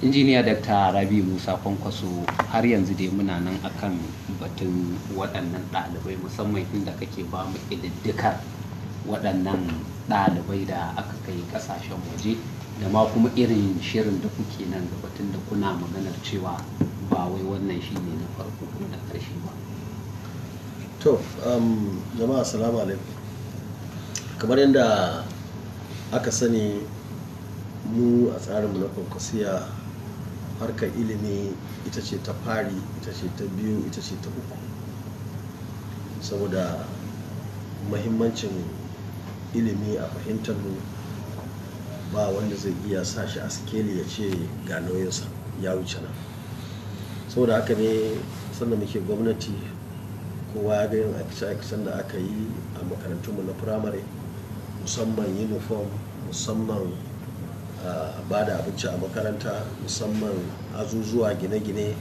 injiniya dr rabi musa kwankwaso har yanzu dai muna nan akan batun waɗannan ɗalibai musamman inda kake ba mu ƙididdikar waɗannan ɗalibai da aka kai ƙasashen waje da ma kuma irin shirin da kuke nan da batun da kuna maganar cewa ba wai wannan shi ne na farko ko na ƙarshe ba to um, jama'a salamu alaikum kamar yadda aka sani mu a tsarinmu na kwankwasiya harkar ilimi ita ce ta fari ita ce ta biyu ita ce ta uku saboda mahimmancin ilimi a fahimtar mu ba wanda zai iya sa shi a sikeli ya ce ga nauyinsa ya wuce na. saboda haka ne sannan muke gwamnati kowa ya ga yin aikace-aikacen da aka yi a makarantunmu na firamare musamman uniform musamman ba da abinci a makaranta musamman azuzuwa gine-gine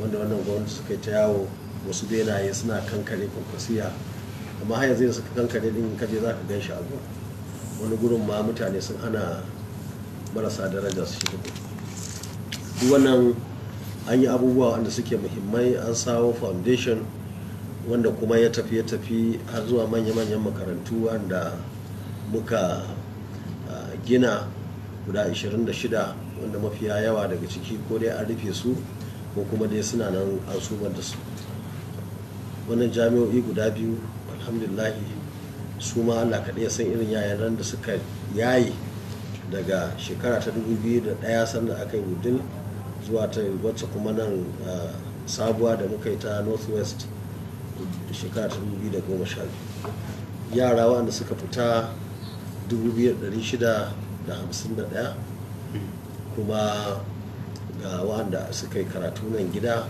wanda wannan gwamnati suka yi ta yawo wasu benaye suna kankare kwakwasiya amma haya zai suka kankare din kaje za ka gan shi a wani gurin ma mutane sun ana marasa daraja su shiga duk wannan an yi abubuwa wanda suke muhimmai an sawo foundation wanda kuma ya tafi ya tafi har zuwa manya-manyan makarantu wanda muka gina guda 26 wanda mafiya yawa daga ciki ko dai an rufe su ko kuma dai suna nan an sumar da su wannan jami'o'i guda biyu alhamdulillahi su ma allah kaɗai ya san irin nan da suka yaye daga shekara ta 2001 sanda aka yi wudil zuwa ta wacce kuma nan sabuwa da muka yi ta northwest shekara ta 2012 yara wanda suka fita 2600 da hamsin da daya kuma ga wanda suka yi karatu nan gida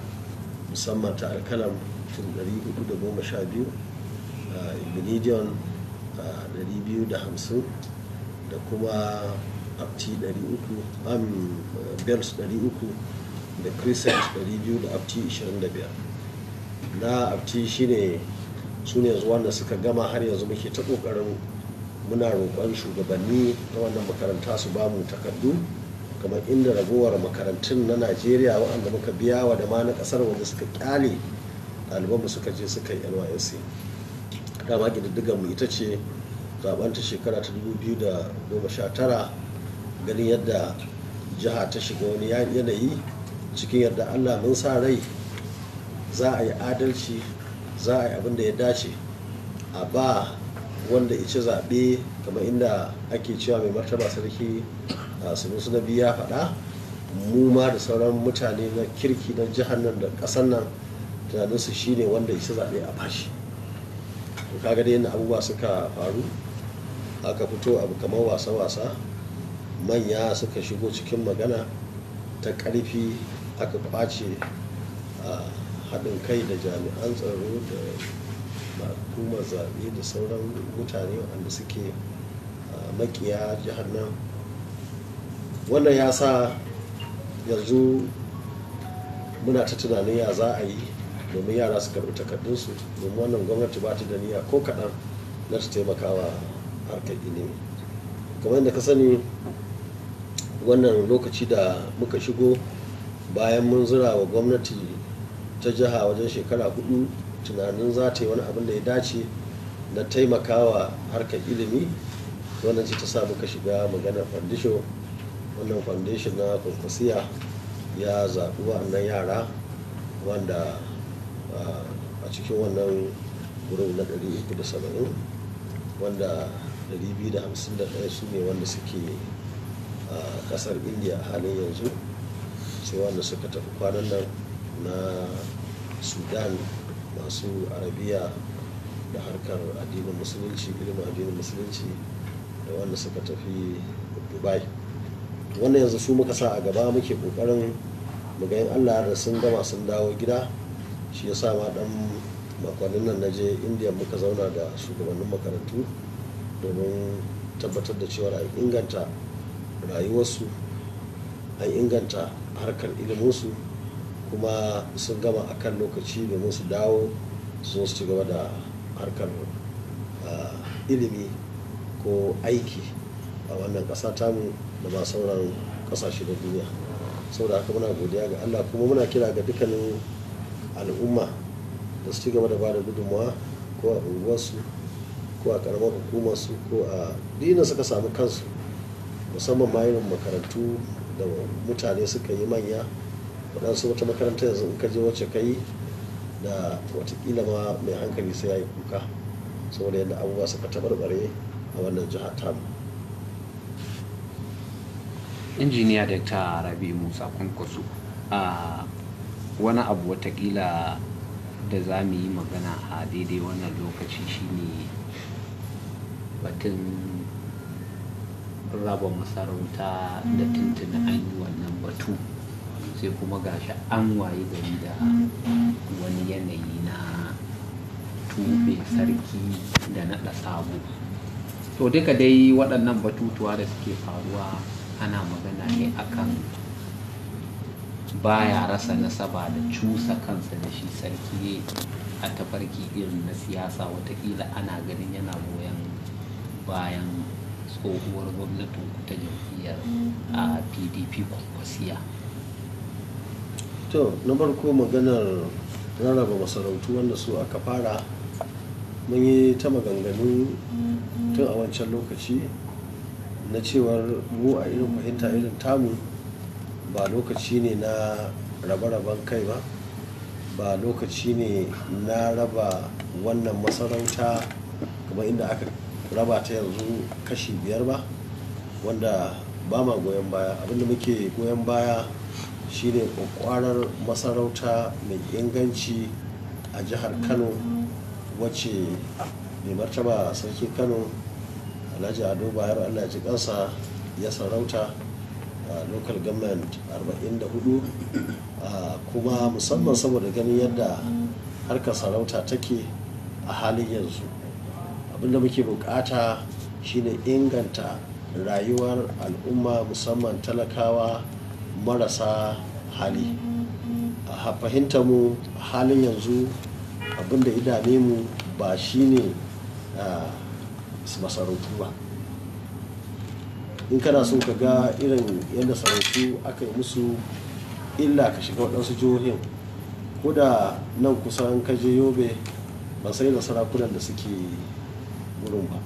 musamman ta alkalam tun 412 ibnidion 250 da kuma abti 300 am bells 300 da crescent 200 da abti 25 na abti shine su ne yanzu wanda suka gama har yanzu muke ta kokarin muna roƙon shugabanni na wannan makaranta su ba mu takardu kamar inda ragowar makarantun na najeriya waɗanda muka biya wa da ma na ƙasar wanda suka ƙyale mu suka je suka yi nysc dama ƙididdigar mu ita ce zaɓen ta shekara ta 2019 ganin yadda jiha ta shiga wani yanayi cikin yadda allah mun sa rai za a yi adalci za a yi abin da ya dace a ba wanda ice zaɓe kamar inda ake cewa mai martaba sarki sunusu na biya faɗa mu ma da sauran mutane na kirki na jihar nan da ƙasar nan tunaninsu shine wanda ice zaɓe a bashi to kaga dai yadda abubuwa suka faru aka fito abu kamar wasa-wasa manya suka shigo cikin magana ta karfi aka kwace a haɗin kai da jami'an tsaro da na zaɓe da sauran mutane wanda suke makiya jihar nan wannan ya sa yanzu muna ta tunanin ya za a yi domin yara su karɓi takardunsu domin wannan gwamnati ba ta da niyya ko kaɗan na ta taimakawa harkar ilimi kamar yadda ka sani wannan lokaci da muka shigo bayan mun zura wa gwamnati ta jiha wajen shekara hudu tunanin za ta yi wani abin da ya dace na taimakawa harkar ilimi wannan ce ta sa muka shiga maganar foundation wannan foundation na kwankwasiya ya zaɓi wa'annan yara wanda a cikin wannan gurin na 370 wanda 251 su ne wanda suke a kasar india halin yanzu sai wanda suka tafi kwanan nan na sudan masu arabiya da harkar addinin musulunci ilimin addinin musulunci da wanda suka tafi dubai wannan yanzu su muka sa a gaba muke kokarin mugayen allah da sun gama sun dawo gida shi ya sa ma dan makonnin nan na je indiya muka zauna da shugabannin makarantu domin tabbatar da cewa an inganta rayuwarsu an inganta harkar iliminsu kuma sun gama a kan lokaci da su dawo su su ci gaba da harkar ilimi ko aiki a wannan ƙasa tamu da ba sauran ƙasashe da duniya saboda haka muna godiya ga allah kuma muna kira ga dukkanin al'umma da su ci gaba da ba da gudunmawa ko a unguwarsu ko a ƙaramar hukumarsu ko a dina suka samu kansu musamman ma makarantu da mutane suka yi manya waɗansu wata makaranta yanzu in ka je wacce ka yi da watakila ma mai hankali sai ya yi kuka saboda yadda abubuwa suka tabarbare a wannan jihar tamu injiniya dakta rabi musa kwankwaso a wani abu watakila da za mu yi magana a daidai wannan lokaci shine batun raba masarauta da tuntun an yi wannan batu sai kuma gashi an waye gari da wani yanayi na tube sarki da naɗa sabo to duka dai waɗannan batutuwa da suke faruwa ana magana ne akan baya rasa nasaba da cusa kansa da shi sarki ne a tafarki irin na siyasa watakila ana ganin yana goyon bayan tsohuwar gwamnatin ta jam'iyyar a ah, pdp kwakwasiya to na barko maganar rarraba masarautu wanda su aka fara mun yi ta maganganu tun a wancan lokaci na cewar mu a irin fahimta irin tamu ba lokaci ne na rabe-raben kai ba ba lokaci ne na raba wannan masarauta kamar inda aka raba ta yanzu kashi biyar ba wanda ba ma goyon baya abinda muke goyon baya shine kwakwarar masarauta mai inganci a jihar kano wacce mai martaba a sarki kano alhaji ado bayar allah ji kansa ya sarauta a local government 44 kuma musamman saboda ganin yadda harkar sarauta take a halin yanzu abinda muke bukata shine inganta rayuwar al'umma musamman talakawa marasa hali a fahimta mu halin yanzu abinda idane mu ba shine ah, masarautu ba in kana son ka ga irin yadda sarautu aka yi musu illa ka shiga waɗansu jihohin ko da nan kusan ka je yobe ba sai da sarakunan da suke gurin ba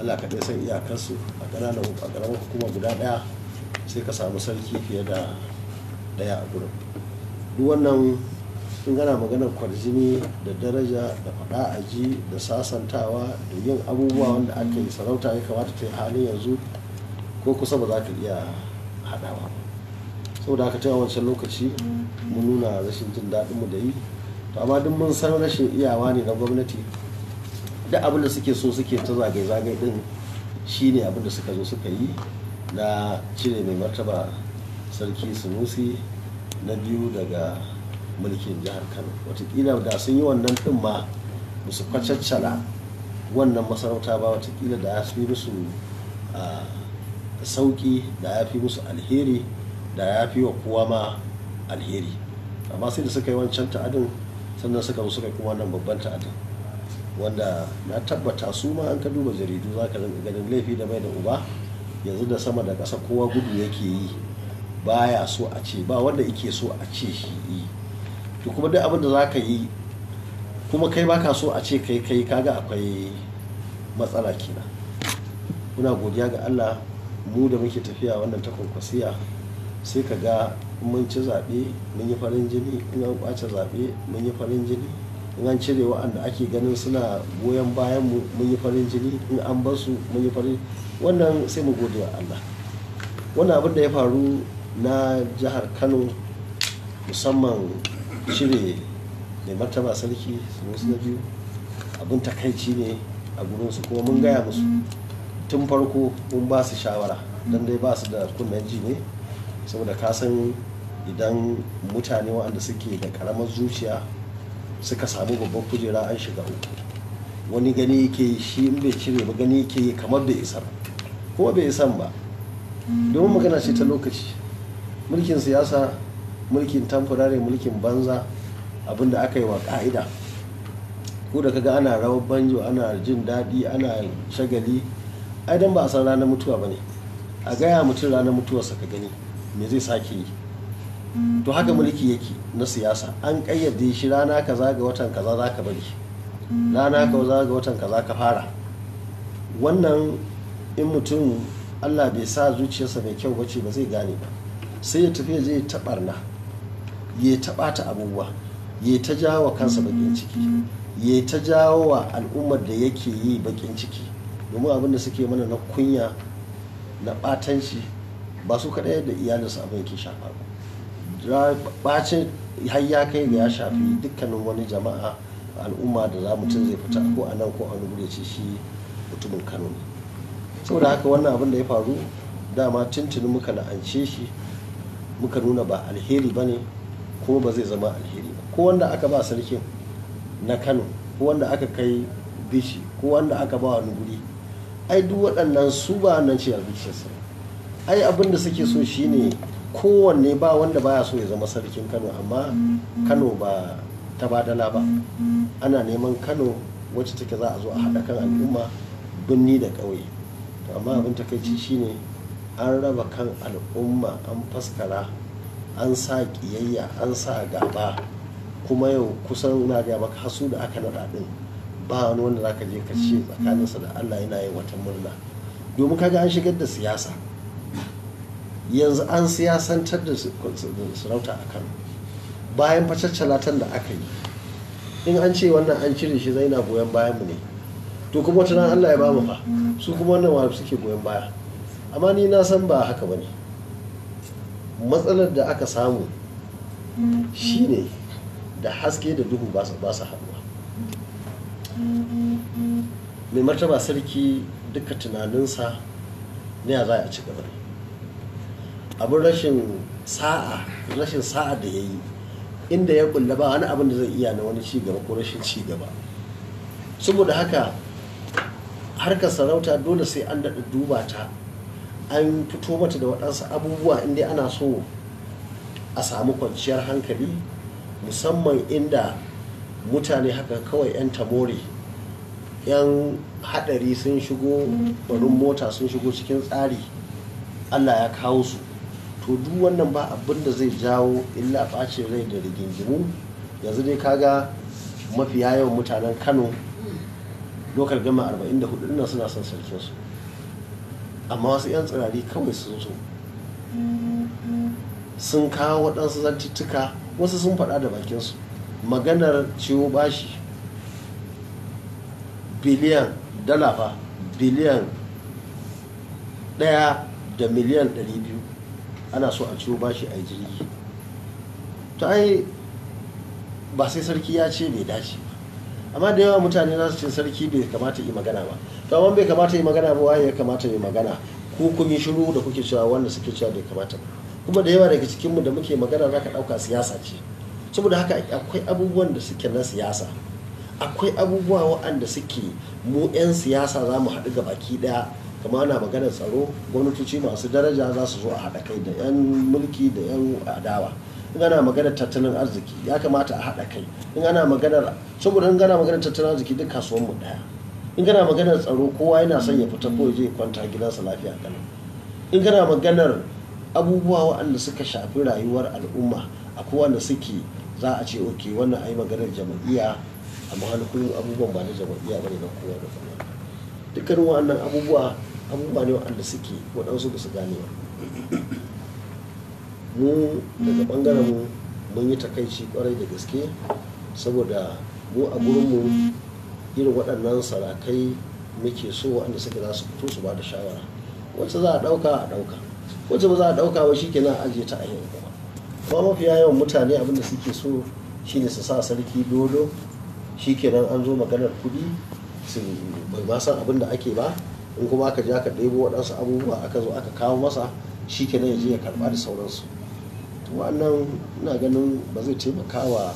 allah kaɗai san iyakarsu a ƙananan hukumar guda ɗaya sai ka samu sarki fiye da daya a gurin duk wannan in gana maganar kwarjini da daraja da faɗa a ji da sasantawa da yin abubuwa wanda aka yi sarauta ya kamata ta yi halin yanzu ko kusa ba za ka iya haɗawa saboda aka cewa wancan lokaci mun nuna rashin jin daɗinmu da yi to amma duk mun san rashin iyawa ne na gwamnati da abin da suke so suke ta zagaye-zagaye din shine abin da suka zo suka yi na cire mai martaba sarki sunusi na biyu daga mulkin jihar kano watakila da sun yi wannan din ma musu kwacaccara wannan masarauta ba watakila da ya fi musu sauki da ya fi musu alheri da ya fi wa kowa ma alheri amma sai da suka yi wancan ta'adin sannan suka zo suka kuma wannan babban ta'adin wanda na tabbata su ma an ka duba jaridu za ka ganin laifi da bai da uba yanzu da sama da ƙasa kowa gudu yake yi baya so a ce ba wanda yake so a ce shi yi to kuma duk abin za ka yi kuma kai baka so a ce kai kai kaga akwai matsala kina muna godiya ga allah mu da muke tafiya wannan ta kwakwasiya sai ka ga mun ci zaɓe mun yi farin jini in an ƙwace zaɓe mun yi farin jini in an cire wa'anda ake ganin suna goyon bayan mu mun yi farin jini in an basu mun yi farin wannan sai mu gode wa Allah wannan abin da ya faru na jihar Kano musamman cire mai martaba sarki su na biyu abin takaici ne a gurinsu kuma mun gaya musu tun farko mun ba su shawara don dai ba su da kunnen ji ne saboda ka san idan mutane waɗanda suke da karamar zuciya suka samu babban kujera an shiga uku wani gani yake shi in bai cire ba gani yake kamar bai isa ko bai san ba domin magana ce ta lokaci mulkin siyasa mulkin tamfurare mulkin banza abinda aka yi wa ka'ida ko da kaga ana rawar banjo ana jin daɗi ana shagali ai dan ba a san ranar mutuwa ba ne a gaya mutum ranar mutuwarsa ka gani me zai sake yi to haka mulki yake na siyasa an kayyade shi rana kaza ga watan kaza za ka bari rana ka za ga watan kaza ka fara wannan in mutum allah bai sa zuciyarsa mai kyau bace ba zai gane ba sai ya tafi zai taɓarna ya taɓa ta abubuwa ya ta jawo kansa bakin ciki ya ta jawo wa al'ummar da yake yi bakin ciki domin abin da suke mana na kunya na ɓatanci ba su kaɗai da iyalinsa abin yake shafa ba ɓacin har ya kai ga ya shafi dukkanin wani jama'a al'umma da za mutum zai fita ko a nan ko a wani ce shi mutumin kano ne saboda haka wannan abin da ya faru dama tuntuni muka la'ance shi muka nuna ba alheri ba ne kuma ba zai zama alheri ba ko wanda aka ba sarkin na kano ko wanda aka kai bishi ko wanda aka ba wani guri ai duk waɗannan su ba nan ce albishirsa ai abin da suke so shine kowanne ba wanda baya so ya zama sarkin kano amma kano ba ta badala ba ana neman kano wacce take za a zo a haɗa kan al'umma birni da ƙauye to amma abin takaici shine an raba kan al'umma an faskara an sa ƙiyayya an sa gaba kuma yau kusan na ga maka hasu da aka naɗa ɗin ba wani wanda za je ka ce tsakaninsa da allah yana yin wata murna domin kaga an shigar da siyasa yanzu an siyasantar da sarauta a kano bayan facaccalatan da aka yi in an ce wannan an cire shi zai na goyon bayan mu ne to kuma wata nan Allah ya ba mu fa su kuma wannan wa suke goyon baya amma ni na san ba haka bane matsalar da aka samu shine da haske da duhu ba su haɗuwa mai martaba sarki duka tunaninsa ne a za a ci gaba abin rashin sa'a rashin sa'a da ya yi inda ya kulla ba wani abin da zai iya na wani cigaba ko rashin cigaba saboda haka harkar sarauta dole sai an daɗa duba ta an fito mata da waɗansu abubuwa inda ana so a samu kwanciyar hankali musamman inda mutane haka kawai 'yan tamori 'yan haɗari sun shigo barin mota sun shigo cikin tsari allah ya kawo su to duk wannan ba abin da zai jawo illa bacin rai da rigingimu yanzu dai kaga mafi yawan mutanen kano lokal gama 44 ina suna son sarkin su amma wasu 'yan tsirari kawai sun zo sun kawo waɗansu zantuttuka wasu sun faɗa da bakinsu maganar ciwo bashi biliyan dala ba biliyan ɗaya da miliyan ɗari biyu ana so a ciwo bashi a jirgi to ai ba sai sarki ya ce bai dace ba amma da yawa mutane za su ce sarki bai kamata yi magana ba to amma bai kamata yi magana ba waye ya kamata yi magana ko kun yi shiru da kuke cewa wanda suke cewa bai kamata ba kuma da yawa daga cikinmu da muke magana za ka ɗauka siyasa ce saboda haka akwai abubuwan da suke na siyasa akwai abubuwa waɗanda suke mu 'yan siyasa za mu haɗu ga baki ɗaya kamar ana maganar tsaro gwamnatoci masu daraja za su zo a haɗa kai da 'yan mulki da 'yan adawa in ana maganar tattalin arziki ya kamata a haɗa kai in ana maganar saboda in ana maganar tattalin arziki duk kasuwan mu daya in gana maganar tsaro kowa yana son ya fita ko je kwanta gidansa lafiya kalau in gana maganar abubuwa waɗanda suka shafi rayuwar al'umma kowa da suke za a ce oke wannan ai maganar jam'iyya amma hannun abubuwan ba na ba bane na kowa da kuma dukkan wa'annan abubuwa abubuwa ne wa'anda suke waɗansu ba su gane ba mu daga ɓangaren mu mun yi takaici kwarai da gaske saboda mu a gurinmu irin waɗannan sarakai muke so wa'anda suke za su fito su ba da shawara wacce za a ɗauka a ɗauka wacce ba za a ɗauka ba shikenan a ajiye ta a yin ba. kuma mafiya yawan mutane abinda suke so shine su sa sarki dodo shikenan an zo maganar kuɗi bai ba san abin da ake ba in kuma aka je aka ɗebo waɗansu abubuwa aka zo aka kawo masa shi kenan ya je ya karɓa da sauransu to wannan ina ganin ba zai taimaka wa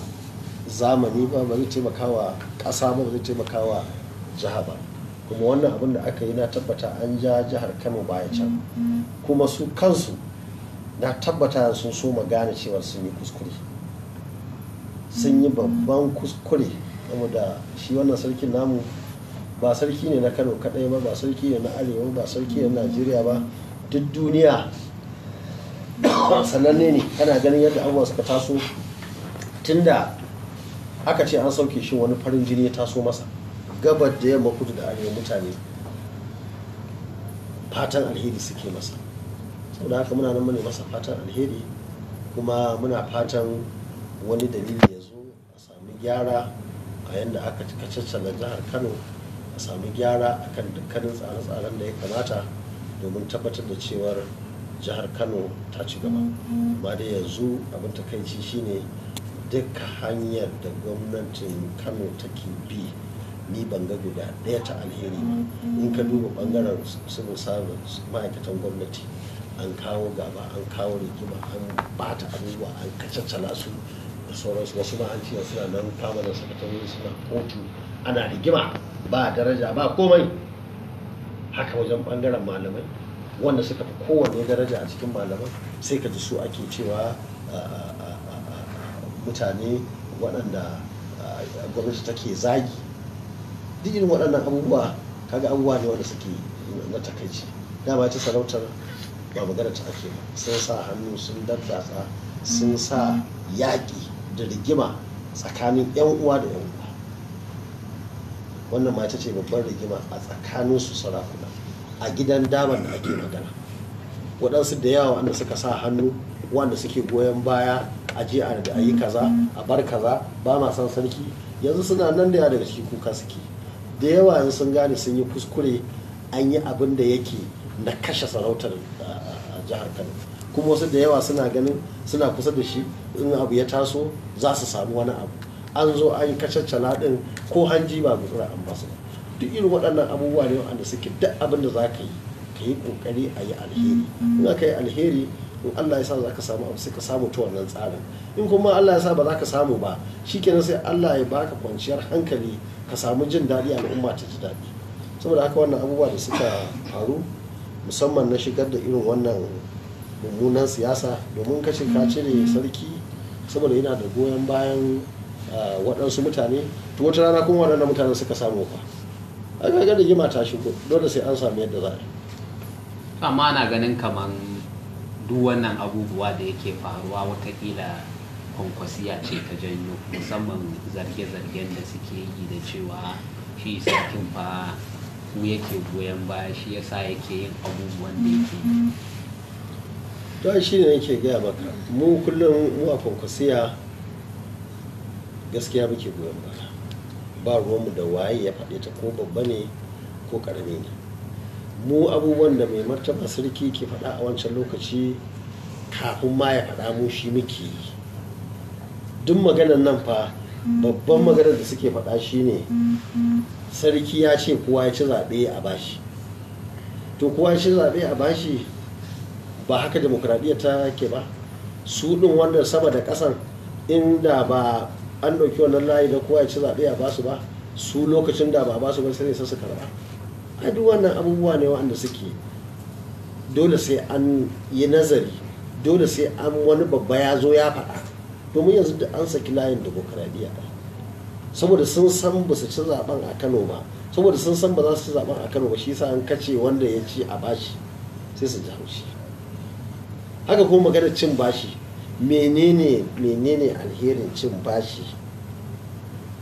zamani ba ba zai taimaka wa ƙasa ba ba zai taimaka wa jiha ba kuma wannan abin da aka yi na tabbata an ja jihar kano baya can kuma su kansu na tabbata sun so gane cewa sun yi kuskure sun yi babban kuskure da shi wannan sarkin namu ba sarki ne na kano kadai ba ba sarki ne na arewa ba sarki ne na najeriya ba duk duniya sananne ne kana ganin yadda abubuwa suka taso tunda aka ce an sauke shi wani farin jini ya taso masa gabar da yamma kudu da arewa mutane fatan alheri suke masa saboda haka muna nan mune masa fatan alheri kuma muna fatan wani dalili ya zo a sami gyara a yadda aka cika jihar kano a sami gyara akan dukkanin tsare-tsaren da ya kamata domin tabbatar da cewar jihar kano ta ci gaba amma dai yanzu abin takaici shine duk hanyar da gwamnatin kano ta ke bi ni banga guda ɗaya ta alheri ba in ka duba bangaren civil service ma'aikatan gwamnati an kawo gaba an kawo rigima an bata abubuwa an kacaccala su da sauransu wasu ma suna nan kama da sakatarori suna kotu ana rigima ba daraja ba komai haka wajen bangaren malamai wanda suka fi kowanne daraja a cikin malamai sai ka ji su ake cewa mutane waɗanda gwamnati take zagi duk irin waɗannan abubuwa kaga abubuwa ne wanda suke na takaici dama ta sarautar ba magana ta ake ba sun sa hannu sun daddatsa sun sa yaƙi da rigima tsakanin 'yan uwa da 'yan uwa wannan mace ce babban rigima a tsakanin su sarakuna a gidan daman da ake magana waɗansu da yawa wanda suka sa hannu wanda suke goyon baya a je a da ayi kaza a bar kaza ba ma san sarki yanzu suna nan da yawa daga cikin kuka suke da yawa yanzu sun gane sun yi kuskure an yi abin da yake na kashe sarautar jihar kano kuma wasu da yawa suna ganin suna kusa da shi in abu ya taso za su samu wani abu an zo an kacaccala caladin ko hanji ba gutsura an basu ba duk irin waɗannan abubuwa ne wanda suke duk abin da za ka yi ka yi ƙoƙari a yi alheri in aka yi alheri in Allah ya sa za ka samu abu sai samu ta wannan tsarin in kuma Allah ya sa ba za ka samu ba shikenan sai Allah ya baka kwanciyar hankali ka samu jin daɗi al'umma ta ji daɗi saboda haka wannan abubuwa da suka faru musamman na shigar da irin wannan mummunan siyasa domin kashe ka cire sarki saboda yana da goyon bayan waɗansu mutane to wata rana kuma waɗannan mutane suka samu fa a ga rigima ta shigo dole sai an samu yadda za a yi amma na ganin kaman duk wannan abubuwa da yake faruwa watakila kwankwasiya ce ta janyo musamman zarge-zargen da suke yi da cewa shi sarkin fa ku yake goyon baya shi yasa yake yin abubuwan da yake yi to shi ne yake gaya maka mu kullum mu a kwankwasiya gaskiya muke goyon baya ba ruwanmu da waye ya faɗe ta ko babba ne ko ƙarami ne mu abubuwan da mai martaba sarki ke faɗa a wancan lokaci kafin ma ya faɗa mu shi muke yi duk maganar nan fa babban maganar da suke faɗa shi ne sarki ya ce kowa ya ci zaɓe a bashi to kowa ya ci zaɓe a bashi ba haka demokradiyya ta ke ba su ɗin wanda sama da ƙasan inda ba an ɗauki wannan layi na kowa ya ci zaɓe a basu ba su lokacin da ba basu ba sai ne su karɓa a duk wannan abubuwa ne wanda suke dole sai an yi nazari dole sai an wani babba ya zo ya faɗa domin yanzu da an saki layin da demokaradiyya saboda sun san ba su ci zaɓen a kano ba saboda sun san ba za su ci zaɓen a kano ba shi sa an kace wanda ya ci a bashi sai su ji haushi haka kuma magana cin bashi menene menene alherin cin bashi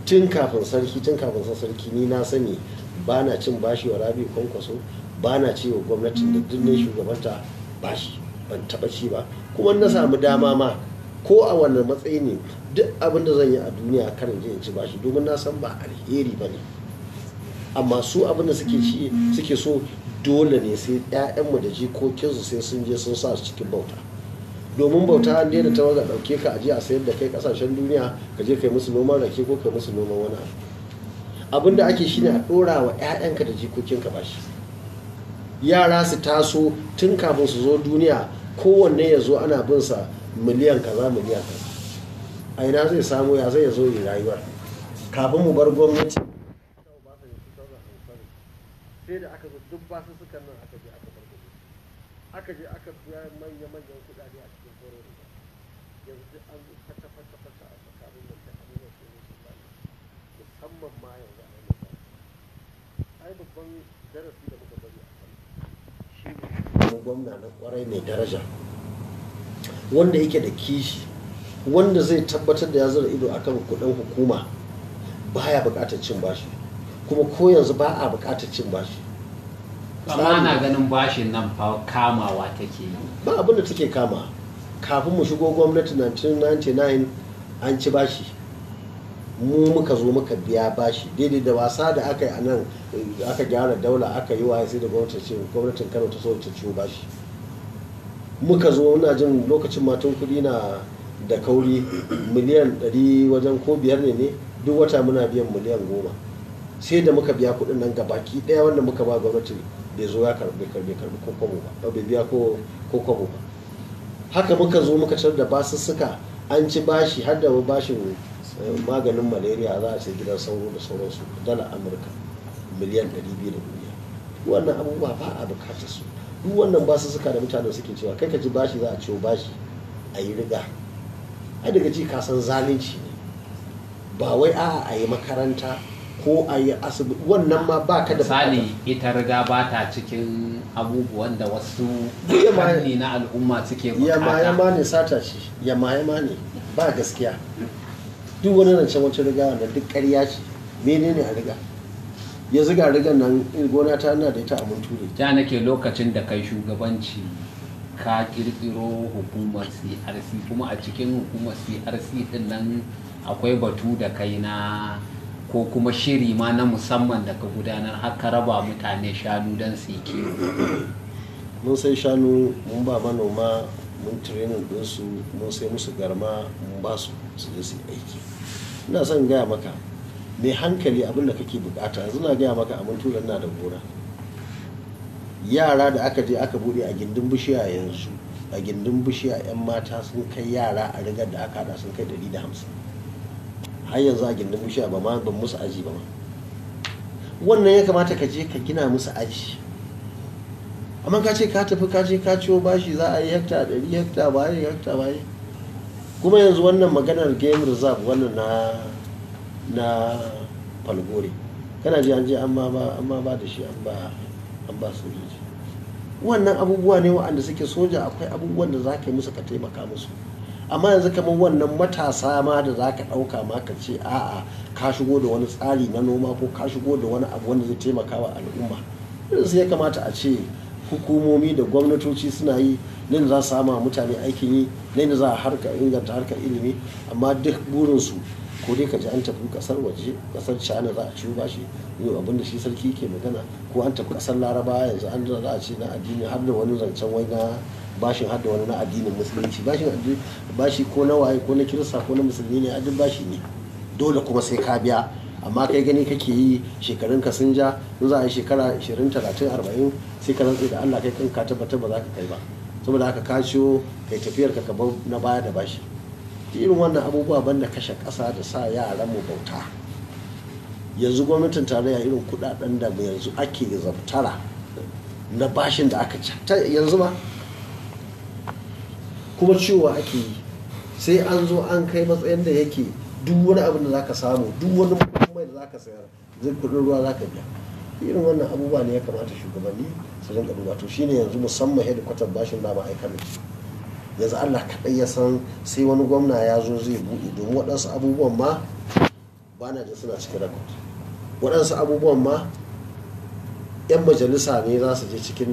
tun kafin sarki tun kafin sarki ni na sani ba na cin bashi wa rabi kwankwaso ba na ce wa gwamnatin da shugabanta bashi ban taba ci ba kuma na samu dama ma ko a wannan matsayi ne duk abin da zan yi a duniya karin je ci bashi domin na san ba alheri ba ne amma su abin da suke ci suke so dole ne sai 'ya'yanmu da jikokinsu sai sun je sun sa su cikin bauta domin bauta an daina ta waga dauke ka aje a sayar da kai kasashen duniya ka je kai musu noman rake ko kai musu noman wani abin da ake shine a dora wa 'ya'yanka da jikokinka bashi yara su taso tun kafin su zo duniya kowanne ya zo ana bin sa miliyan kaza miliyan kaza a ina zai samu ya zai zo yi rayuwa? kafin mu bar gwamnati sai da aka zo duk basu sukan nan aka je aka bar aka je aka biya manya-manyan kudade a yanzu an zo kwata kwata kwata a tsakanin nan da abubuwan su ne sun bani musamman ma yanzu a nan da ai babban darasi da muka bari a kan shi ne gwamna na kwarai mai daraja wanda yake da kishi wanda zai tabbatar da ya zura ido akan kudin hukuma baya bukatar cin bashi kuma ko yanzu ba a bukatar cin bashi amma ana ganin bashin nan fa kamawa take yi ba abin da take kama kafin mu shigo gwamnati 1999 an ci bashi mu muka zo muka biya bashi daidai da wasa da aka yi a nan aka gyara daula aka yi waye sai da gwamnatin kano ta so ta ciwo bashi muka zo muna jin lokacin matan kuɗi na da kauri miliyan 100 wajen ko biyar ne ne duk wata muna biyan miliyan goma sai da muka biya kuɗin nan ga baki daya wanda muka ba gwamnati bai zo ya karbi karbi karbi ko kwabo ba bai biya ko kwabo ba haka muka zo muka tar da basussuka an ci bashi har da bashin eh, maganin malaria za a ce gidan sauro da sauransu dala amurka miliyan 200 da wannan abubuwa ba a bukatar su duk wannan basussuka da mutane suke cewa kai ka ji bashi za a ciwo bashi a yi riga ai daga ji ka san zalunci ne ba wai a'a a yi makaranta ko a yi asibiti wannan ma ba ka da misali ita riga ba ta cikin abubuwan da wasu kanni na al'umma suke bukata yama yama ne sata shi yama yama ne ba gaskiya duk wani can wancan riga wanda duk ƙarya ce menene a riga ya ga rigan nan eh, gona ta na da ita a mutu ne. ja nake lokacin da kai shugabanci ka kirkiro hukumar crc kuma a cikin hukumar crc din nan akwai batu da kai na ko kuma shiri ma na musamman da ka gudanar haka raba mutane shanu don su yi mun sai shanu mun ba manoma mun training ɗinsu mun sai musu garma mun ba su su je aiki ina son gaya maka mai hankali abin da kake bukata yanzu na gaya maka abin turanna na da gora yara da aka je aka bude a gindin bishiya yanzu a gindin bishiya 'yan mata sun kai yara a rigar da aka hada sun kai 150 har yanzu a gindin bishiya ba ma ban musu aji ba ma wannan ya kamata ka je ka gina musu aji amma ka ce ka tafi ka ce ka ciwo bashi za a yi hekta ɗari hekta baye hekta baye kuma yanzu wannan maganar game reserve wannan na na falgore kana ji an je an ma ba an ma ba da shi an ba an ba sojoji wannan abubuwa ne waɗanda suke soja akwai abubuwan da za ka yi musu ka taimaka musu amma yanzu kamar wannan matasa ma da za ka ɗauka ma ka ce a'a ka shigo da wani tsari na noma ko ka shigo da wani abu wanda zai taimaka wa al'umma yanzu ya kamata a ce hukumomi da gwamnatoci suna yi nan za su sama mutane aikin yi nan za a harka inganta harkar ilimi amma duk burinsu ko dai ka ji an tafi kasar waje kasar china za a ciwo shi yau abin da shi sarki ke magana ko an tafi kasar laraba yanzu an za a ce na addini har da wani zancen wai na bashin har wani na addinin musulunci bashin bashi ko na waye ko na kirista ko na musulmi ne duk bashi ne dole kuma sai ka biya amma kai gani kake yi shekarun ka sun ja in za a yi shekara 20 30 40 sai ka rantsi da Allah kai kanka tabbata ba za ka kai ba saboda haka ka siyo kai tafiyar ka kamar na baya da bashi irin wannan abubuwa banda kashe kasa da sa yaran mu bauta yanzu gwamnatin tarayya irin kudaden da yanzu ake zabtara na bashin da aka ta yanzu ma kuma ciwo ake yi sai an zo an kai matsayin da yake duk wani abin da za ka samu duk wani mai da za ka sayar zai kudin ruwa za ka biya irin wannan abubuwa ne ya kamata shugabanni su rinka duba to shine yanzu musamman kwatar bashin da ma'aikar yanzu allah kaɗai ya san sai wani gwamna ya zo zai buɗe domin waɗansu abubuwan ma ba na jin suna cikin rakot waɗansu abubuwan ma 'yan majalisa ne za su je cikin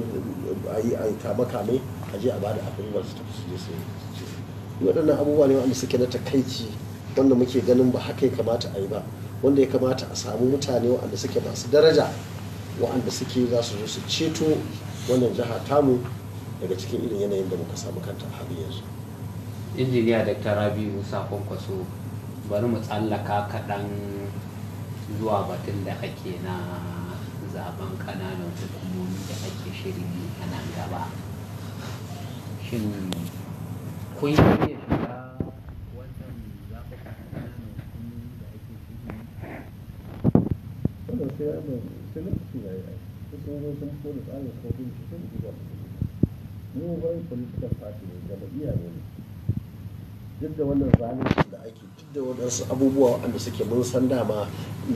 a kame-kame a je a bada abin ba su tafi su je su yi waɗannan abubuwa ne wanda suke na takaici wanda muke ganin ba haka ya kamata a yi ba wanda ya kamata a samu mutane waɗanda suke masu daraja waɗanda suke za su zo su ceto wannan jiha tamu daga cikin irin yanayin da muka samu kanta a halin yanzu injiniya dr rabi musa kwankwaso bari mu tsallaka kaɗan zuwa batun da ake na zaben ƙananan hukumomi da ake shirin a nan gaba shin kun shirya shiga wannan zaɓuɓɓukan na hukumomi da ake ciki wannan sai ana sai lokaci ya yi aiki sun zo sun ko da tsarin kotun shi sun shiga mu wani political party ne iya ne duk da wannan zalunci da ake duk da waɗansu abubuwa waɗanda suke mun san dama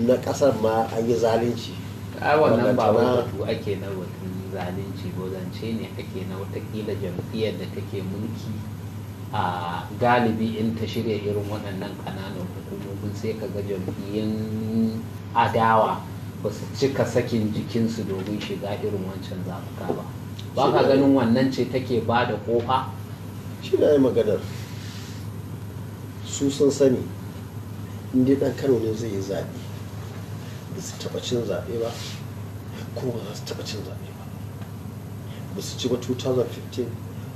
na ƙasar ma an yi zalunci ai wannan ba wani batu ake na batun zalunci ba zance ne ake na watakila jam'iyyar da take mulki a galibi in ta shirya irin waɗannan ƙananan hukumomin sai ka ga jam'iyyun adawa ba su cika sakin jikinsu domin shiga irin wancan zafuka ba ba ka ganin wannan ce take ba da ƙofa shi da maganar su sun sani inda ɗan kano ne zai yi zaɓe ba su taɓa cin zaɓe ba kuma ba za su taɓa cin zaɓe ba ba ci ba 2015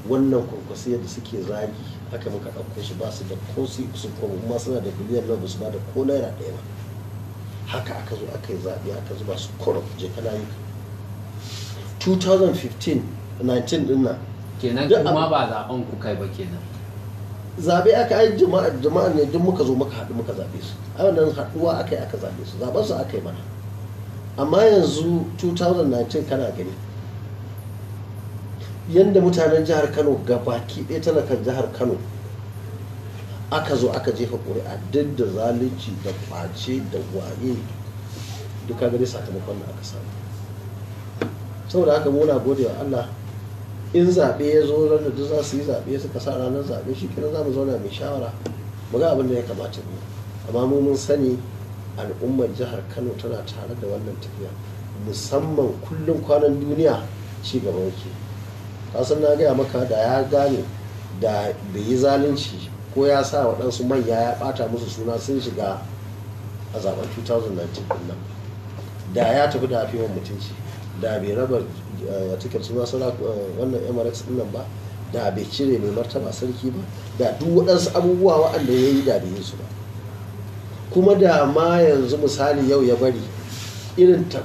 wannan kwankwasiyar yadda suke zagi haka muka ɗauko shi ba su da ko su su kuma suna da biliyan nawa ba su ba da ko naira ɗaya ba haka aka zo aka yi zaɓe aka zuba su korok je kana yi 2015 19 din nan kenan kuma ba zaɓen ku kai ba kenan zabe aka yi jama'a jama'a ne duk muka zo muka haɗu muka zabe su a wannan haɗuwa aka yi aka zabe su zaben su aka yi mana amma yanzu 2019 kana gani yadda mutanen jihar kano ga baki ɗaya talakan jihar kano aka zo aka jefa ƙuri'a duk da zalunci da kwace da waye duka gani sakamakon da aka samu saboda aka muna gode wa allah in zaɓe ya zo ranar da za su yi zaɓe suka sa ranar zaɓe shi kira za mu zauna mai shawara mu ga abin da ya kamata mu amma mu mun sani al'ummar jihar kano tana tare da wannan tafiya musamman kullum kwanan duniya ci gaba yake kasan na gaya maka da ya gane da bai yi zalunci ko ya sa waɗansu manya ya ɓata musu suna sun shiga a zaben 2019 nan da ya tafi da afewar mutunci da bai raba eh, cikin suna sana eh, wannan emirates nan ba da bai cire mai martaba sarki ba da duk waɗansu abubuwa waɗanda ya yi da bai yi su ba kuma da ma yanzu misali yau ya bari irin ta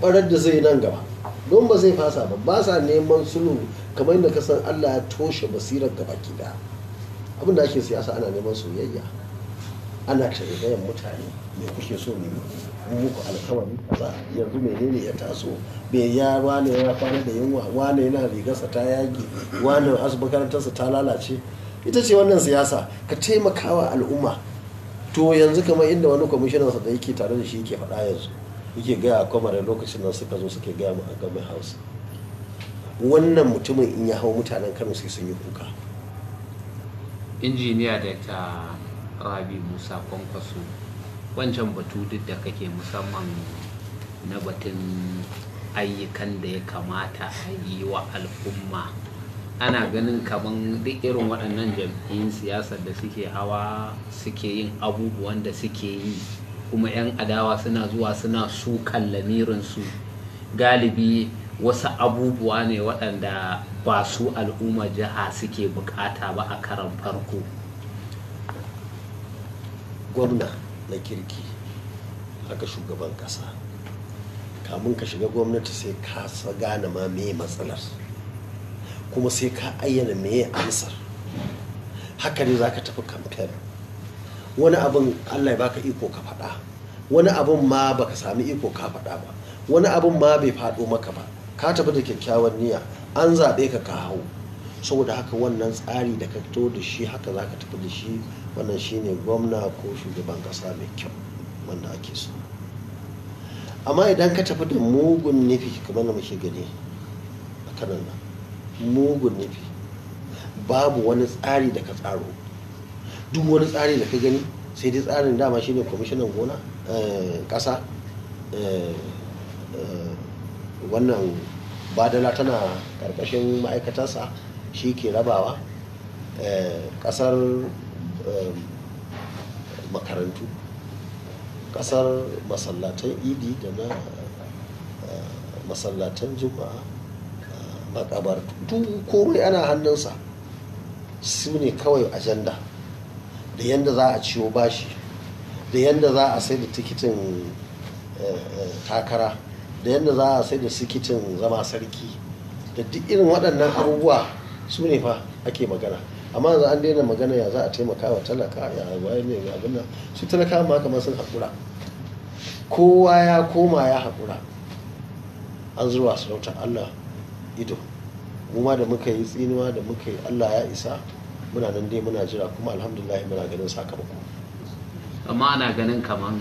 barar da zai nan gaba don ba zai fasa ba ba sa neman sulhu kamar yadda ka san Allah ya toshe basirar gaba baki daya abin da ake siyasa ana neman soyayya ana tarayyayen mutane me kuke so ne muku alkawari ba yanzu menene ya taso bai ya wane ya kwana da yunwa wane yana rigarsa ta yage wane makarantarsa ta lalace ita ce wannan siyasa ka taimakawa al'umma to yanzu kamar inda wani kwamishinansa da yake tare da shi yake faɗa yanzu kuke gaya a kwamarin lokacin da suka zo suke gaya mu a gama house wannan mutumin in ya hau mutanen kano sai sun yi kuka injiniya da ta rabi musa kwankwaso wancan batu duk da kake musamman na batun ayyukan da ya kamata a yi wa al'umma ana ganin kaman duk irin waɗannan jam'iyyun siyasar da suke hawa suke yin abubuwan da suke yi kuma 'yan adawa suna zuwa suna sukan lamirinsu galibi wasu abubuwa ne waɗanda ba su al'umma jiha suke bukata ba a karan farko gwamna na kirki haka shugaban ƙasa kamun ka shiga gwamnati sai ka gane ma me matsalar kuma sai ka ayyana me amsar haka ne za ka tafi kamfen wani abin Allah ya baka iko ka faɗa wani abin ma baka sami iko ka faɗa ba wani abin ma bai faɗo maka ba ka tafi da kyakkyawan niyya an zaɓe ka ka hau saboda haka wannan tsari da ka fito da shi haka za ka tafi da shi wannan shi ne gwamna ko shugaban ƙasa mai kyau wanda ake so amma idan ka tafi da mugun nufi kamar da muke gani a kanan mugun nufi babu wani tsari da ka tsaro duk wani tsari da ka gani sai dai tsarin dama shine kwamishinan gona eh, ƙasa eh, eh, wannan badala tana ƙarƙashin ma'aikatarsa shi ke rabawa ƙasar makarantu ƙasar masallatan idi da na masallatan juma'a makabar duk komai ana hannunsa su ne kawai ajanda da yadda za a ciwo bashi da yadda za a sai da tikitin eh, eh, takara da yadda za a sai da sikitin zama sarki da duk irin waɗannan abubuwa su ne fa ake magana amma yanzu an daina magana ya za a taimaka wa talaka ya waye ne ga abin nan su talaka ma kamar sun haƙura kowa ya koma ya haƙura an zuwa sarautar allah ido mu ma da muka yi tsinuwa da muka yi allah ya isa muna nan dai muna jira kuma alhamdulillah muna ganin sakamako amma ana ganin kaman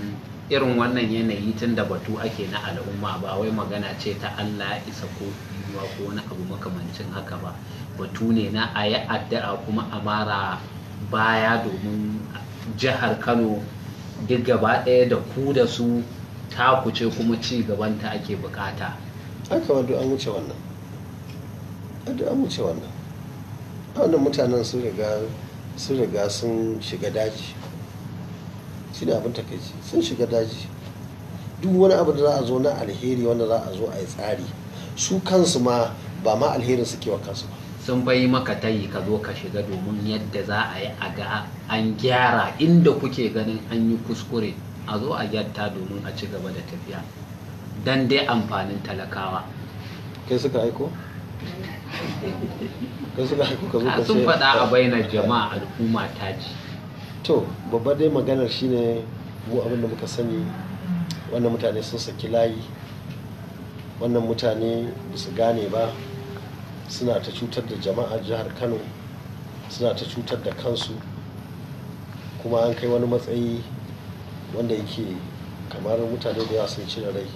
irin wannan yanayi tun da batu ake na al'umma ba wai magana ce ta Allah isa ko yiwuwa ko wani abu makamancin haka ba batu ne na a yi addu'a kuma a mara baya domin jihar Kano duk gaba ɗaya da ku da su ta kuce kuma ci gabanta ake bukata. an wuce wannan. an wuce wannan. wanda mutanen sun riga sun riga sun shiga daji shi ne abin takaici sun shiga daji duk wani abu da za a zo na alheri wanda za a zo a yi tsari su kansu ma ba ma alherin suke wa kansu ba sun bai maka tayi ka zo ka shiga domin yadda za a yi a ga an gyara inda kuke ganin an yi kuskure a zo a gyarta domin a ci gaba da tafiya don dai amfanin talakawa kai suka aiko ka suka ka zo ka sun faɗa a jama'a al'umma ta ji to babba dai maganar shine mu abin da muka sani wannan mutane sun saki layi wannan mutane ba su gane ba suna ta cutar da jama'a jihar kano suna ta cutar da kansu kuma an kai wani matsayi wanda yake kamar mutane da yawa sun cire rai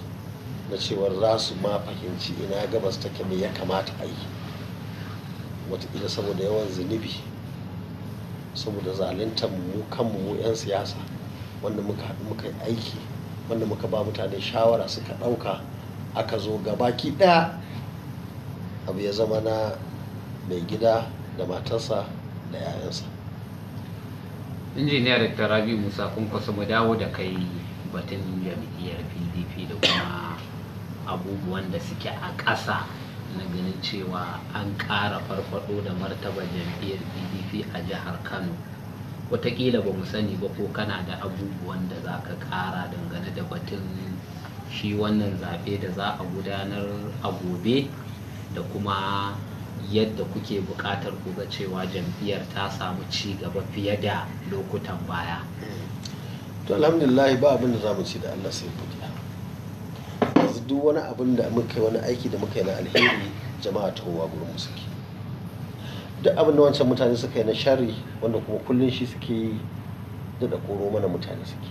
na cewar za su ma fahimci ina gabas take me ya kamata a yi watakila saboda yawan zunubi saboda zaluntar mu kanmu mu 'yan siyasa wanda muka haɗu muka yi aiki wanda muka ba mutane shawara suka ɗauka aka zo gabaki ɗaya abu ya zama na mai gida da matarsa da 'ya'yansa injiniya da rabi musa kun kwasa mu dawo da kai batun jam'iyyar pdp da kuma abubuwan da suke a ƙasa na ganin cewa an ƙara farfado da martabar jam'iyyar pdp a jihar kano watakila ba mu sani ba ko kana da abubuwan da za ka kara dangane da batun shi wannan zaɓe da za a gudanar a gobe da kuma yadda kuke buƙatar ku ga cewa jam'iyyar ta samu ci gaba fiye da lokutan baya to alhamdulillah ba abin da za mu ci da allah sai duk wani abin da muka wani aiki da muka yi na alheri jama'a ta tahowa gurin mu suke duk abin da wancan mutane suka yi na shari wanda kuma kullum shi suke yi da da koro mana mutane suke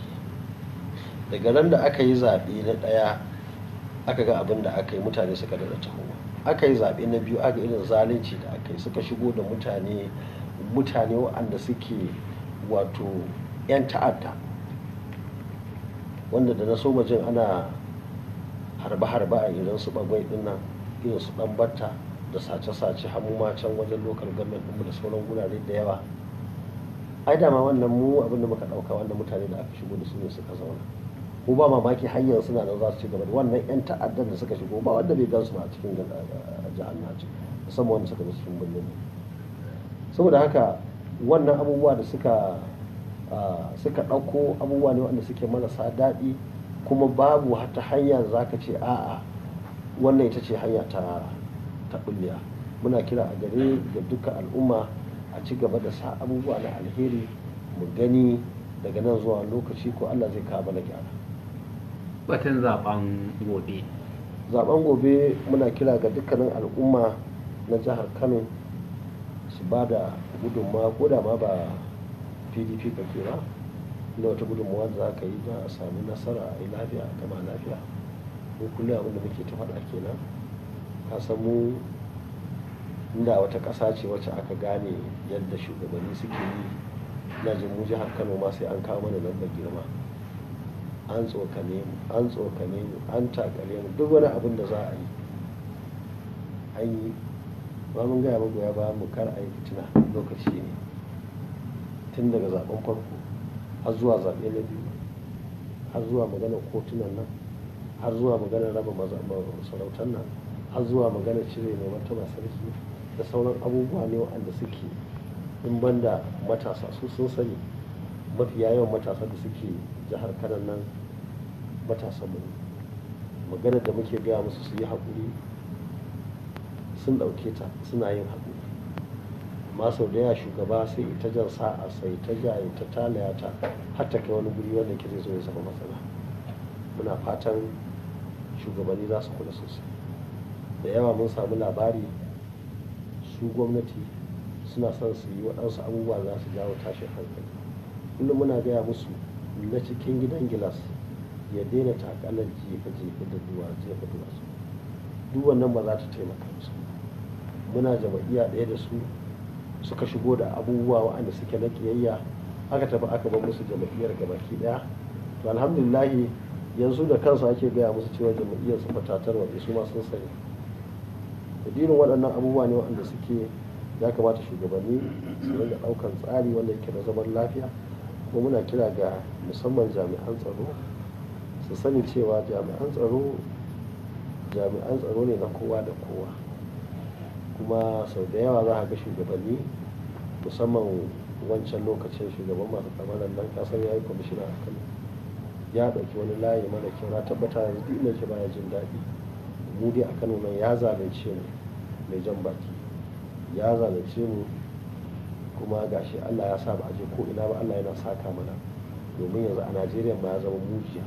daga nan da aka yi zaɓe na ɗaya aka ga abin da aka yi mutane suka da tahowa aka yi zaɓe na biyu aka irin zalunci da aka yi suka shigo da mutane mutane waɗanda suke wato 'yan ta'adda wanda da na so jin ana harba harba a idan su bagwai dinnan irin su dan batta da sace-sace hamu ma can wajen lokal gamen ɗinmu da sauran gurare da yawa ai dama wannan mu abin da muka dauka wannan mutane da aka shigo da su ne suka zauna ko ba mamaki hanyar suna da za su ci gaba da wannan 'yan ta'addan da suka shigo ba wanda bai gansu a cikin jahanna ce musamman wanda suka musu cikin birnin saboda haka wannan abubuwa da suka ah, suka ɗauko abubuwa ne wanda suke marasa daɗi kuma babu hata hanya za ka ce a'a wannan ita ce hanya ta taɓulliya muna kira a gare ga duka al'umma a ci gaba da sa abubuwa na alheri mu gani daga nan zuwa lokaci ko allah zai kawo mana gyara batun zaben gobe zaben gobe muna kira ga dukkanin al'umma na jihar kano su ba da gudunmawa ko da ma ba pdp ka ba da wata gudunmawa da za ka yi don a sami nasara a yi lafiya a gama lafiya ko kullum abin da muke ta faɗa kenan ka san mu inda wata ƙasa ce wacce aka gane yadda shugabanni suke yi na jin mu jihar kano ma sai an kawo mana lambar girma an tsokane mu an tsokane mu an takale mu duk wani abin da za a yi an yi ba mun gaya ba goya ba mu kar a yi fitina lokaci ne tun daga zaben farko har zuwa zaɓe na biyu har zuwa maganar kotunan nan har zuwa maganar raba masarautar nan har zuwa maganar cire mai martaba sarki da sauran abubuwa ne waɗanda suke in banda matasa su sun sani mafiya yawan matasa da suke jihar kanan nan matasa mu maganar da muke gaya musu su yi haƙuri sun ɗauke ta suna yin haƙuri amma sau da yawa shugaba sai ita jan sa'a sai ta ja ta talaya ta har ta kai wani guri wanda ke zai zo ya zama matsala muna fatan shugabanni za su kula sosai da yawa mun samu labari su gwamnati suna son su yi waɗansu abubuwa za su jawo tashin hankali kullum muna gaya musu na cikin gidan gilas ya daina takalar jefa-jefa da duwatsu duwatsu duk wannan ba za ta taimaka musu muna jama'iya ɗaya da su suka shigo da abubuwa waɗanda suke na kiyayya aka tafi aka bar musu jam'iyyar gabaki daya to alhamdulillahi yanzu da kansu ake gaya musu cewa jam'iyyar su fatatar waje su ma sun sani dalilin waɗannan abubuwa ne waɗanda suke ya kamata shugabanni su rinka ɗaukan tsari wanda yake da zaman lafiya ko muna kira ga musamman jami'an tsaro su sani cewa jami'an tsaro jami'an tsaro ne na kowa da kowa kuma sau da yawa za a ga shugabanni musamman wancan lokacin shugaban masu kamarar nan kasar ya yi kwamishina a Kano ya ɗauki wani layi mana na tabbata da duk mai ke baya jin daɗi mu dai a kano nan ya zalunce mu mai jan baki ya zalunce mu kuma gashi allah ya sa ba a je ko ina ba allah yana saka mana domin yanzu a najeriya ma ya zama mujiya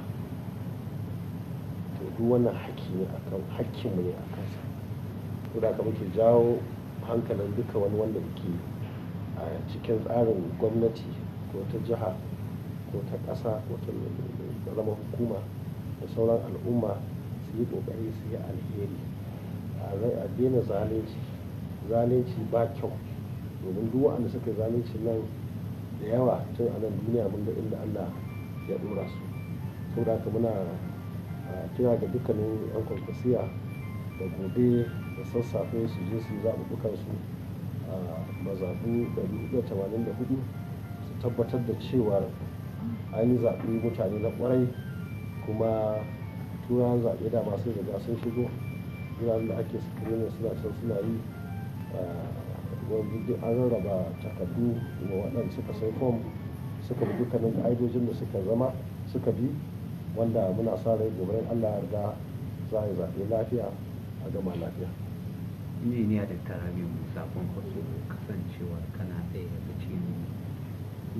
to duk wannan haƙƙi ne kan hakkinmu ne a kansa da ka muke jawo hankalin duka wani wanda muke a cikin tsarin gwamnati ko ta jiha ko ta ƙasa ko ta zama hukuma da sauran al'umma su yi ƙoƙari su yi alheri a daina zalunci zalunci ba kyau domin duk wanda suka zalunci nan da yawa tun a nan duniya mun ga inda Allah ya ɗora su saboda ka muna kira ga dukkanin 'yan kwankwasiya da gobe da sassafe su je su yi zaɓuɓɓukansu a mazaɓu 184 su tabbatar da cewar an yi zaɓe mutane na ƙwarai kuma turawan zaɓe da masu riga sun shigo wuraren da ake sukurinin suna can suna yi wanda an rarraba takardu wa waɗanda suka sai fom suka bi dukkanin ƙa'idojin da suka zama suka bi wanda muna sa rai gobe Allah ya riga za a yi zaɓe lafiya a gama lafiya. injiniya da tarabi musa kwankwaso kasancewa kana ɗaya daga cikin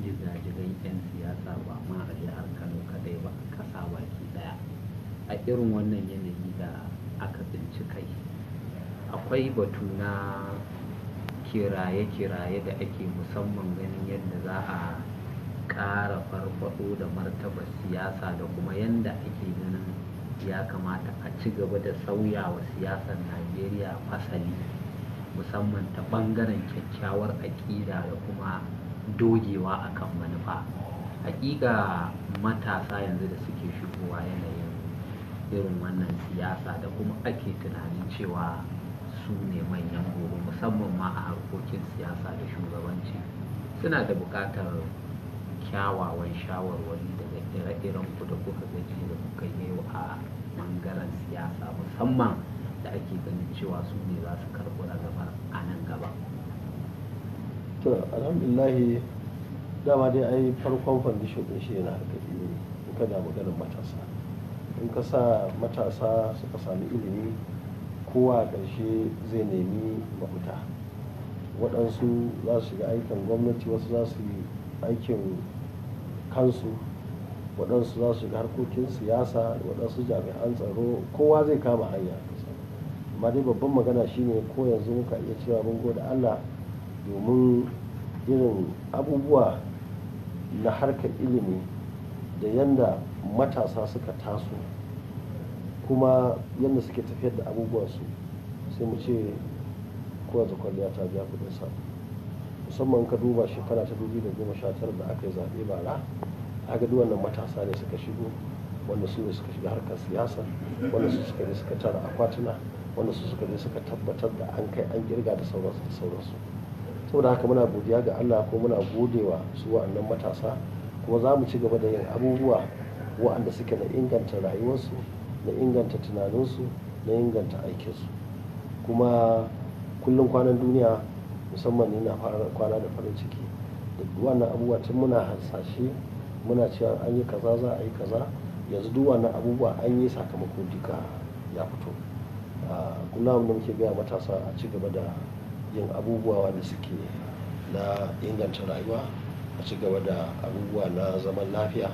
jigajigan 'yan siyasa ba ma a jihar kano kadai ba kasa baki ɗaya a irin wannan yanayi da aka tsinci kai akwai batu na kiraye-kiraye da ake musamman ganin yadda za a kara farfaɗo da martabar siyasa da kuma yadda ake ganin ya kamata a ci gaba da sauya wa siyasar najeriya fasali musamman ta ɓangaren kyakkyawar aƙida da kuma dogewa a kan manufa hakika matasa yanzu da suke shigowa yanayin irin wannan siyasa da kuma ake tunanin cewa su ne manyan gobe musamman ma a harkokin siyasa da shugabanci suna da buƙatar kyawawan shawarwari ire-iren ku da kuka gaji da kuka yi a bangaren siyasa musamman da ake ganin cewa su ne za su karɓi ragamar a nan gaba to alhamdulahi dama dai ai farkon foundation din shi yana harkar ilimi in ka da maganin matasa in ka sa matasa suka sami ilimi kowa ƙarshe zai nemi mafita waɗansu za su shiga aikin gwamnati wasu za su yi aikin kansu waɗansu za su shiga harkokin siyasa waɗansu jami'an tsaro kowa zai kama hanya amma dai babban magana shine ko yanzu muka iya cewa mun gode allah domin irin abubuwa na harkar ilimi da yadda matasa suka taso kuma yadda suke tafiyar da abubuwansu sai mu ce kowace kwalliya ta biya kudin sa musamman ka duba shekara ta 2019 da aka yi zaɓe bara kaga duk wannan matasa ne suka shigo wanda su ne suka shiga harkar siyasa wanda su suka je suka tara akwatuna wanda su suka je suka tabbatar da an kai an girga da sauransu da sauransu saboda haka muna godiya ga Allah ko muna godewa su wa'annan matasa kuma za mu ci gaba da yin abubuwa wa'anda suke na inganta rayuwarsu na inganta tunaninsu na inganta aikinsu kuma kullum kwanan duniya musamman ni na kwana da farin ciki da wannan abubuwa tun muna hasashe muna cewa an yi kaza za a yi kaza yanzu duk wannan abubuwa an yi sakamako duka ya fito kuna da muke gaya matasa a ci gaba da yin abubuwa wanda suke na inganta rayuwa a ci gaba da abubuwa na zaman lafiya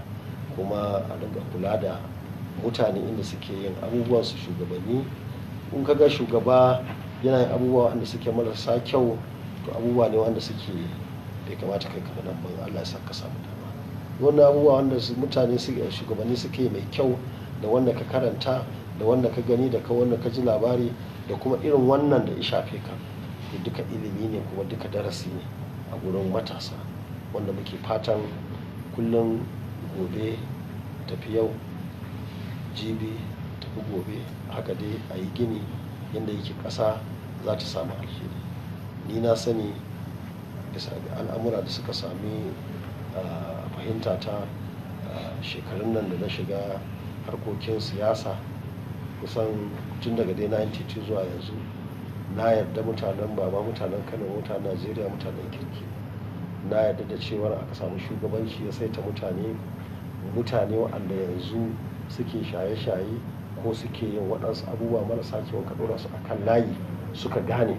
kuma a dinga kula da mutane inda suke yin abubuwan su shugabanni kun kaga shugaba yana yin abubuwa wanda suke marasa kyau to abubuwa ne wanda suke bai kamata kai kamar nan ban Allah ya saka samu wannan abubuwa wanda mutane shugabanni suke mai kyau da wanda ka karanta da wanda ka gani da ka wanda ka ji labari da kuma irin wannan da ishafe shafe ka da duka ilimi ne kuma duka darasi ne a gurin matasa wanda muke fatan kullum gobe tafi yau jibi tafi gobe haka dai a yi gini yadda yake ƙasa za ta samu alheri ni na sani bisa al'amura da suka sami ah, fahimta ta shekarun nan da na shiga harkokin siyasa kusan tun daga dai 92 zuwa yanzu na yarda mutanen baba mutanen kano mutanen najeriya mutanen kirki na yarda da cewar aka samu shugabanci ya saita mutane mutane waɗanda yanzu suke shaye-shaye ko suke yin waɗansu abubuwa marasa kyau ka ɗora su a kan layi suka gane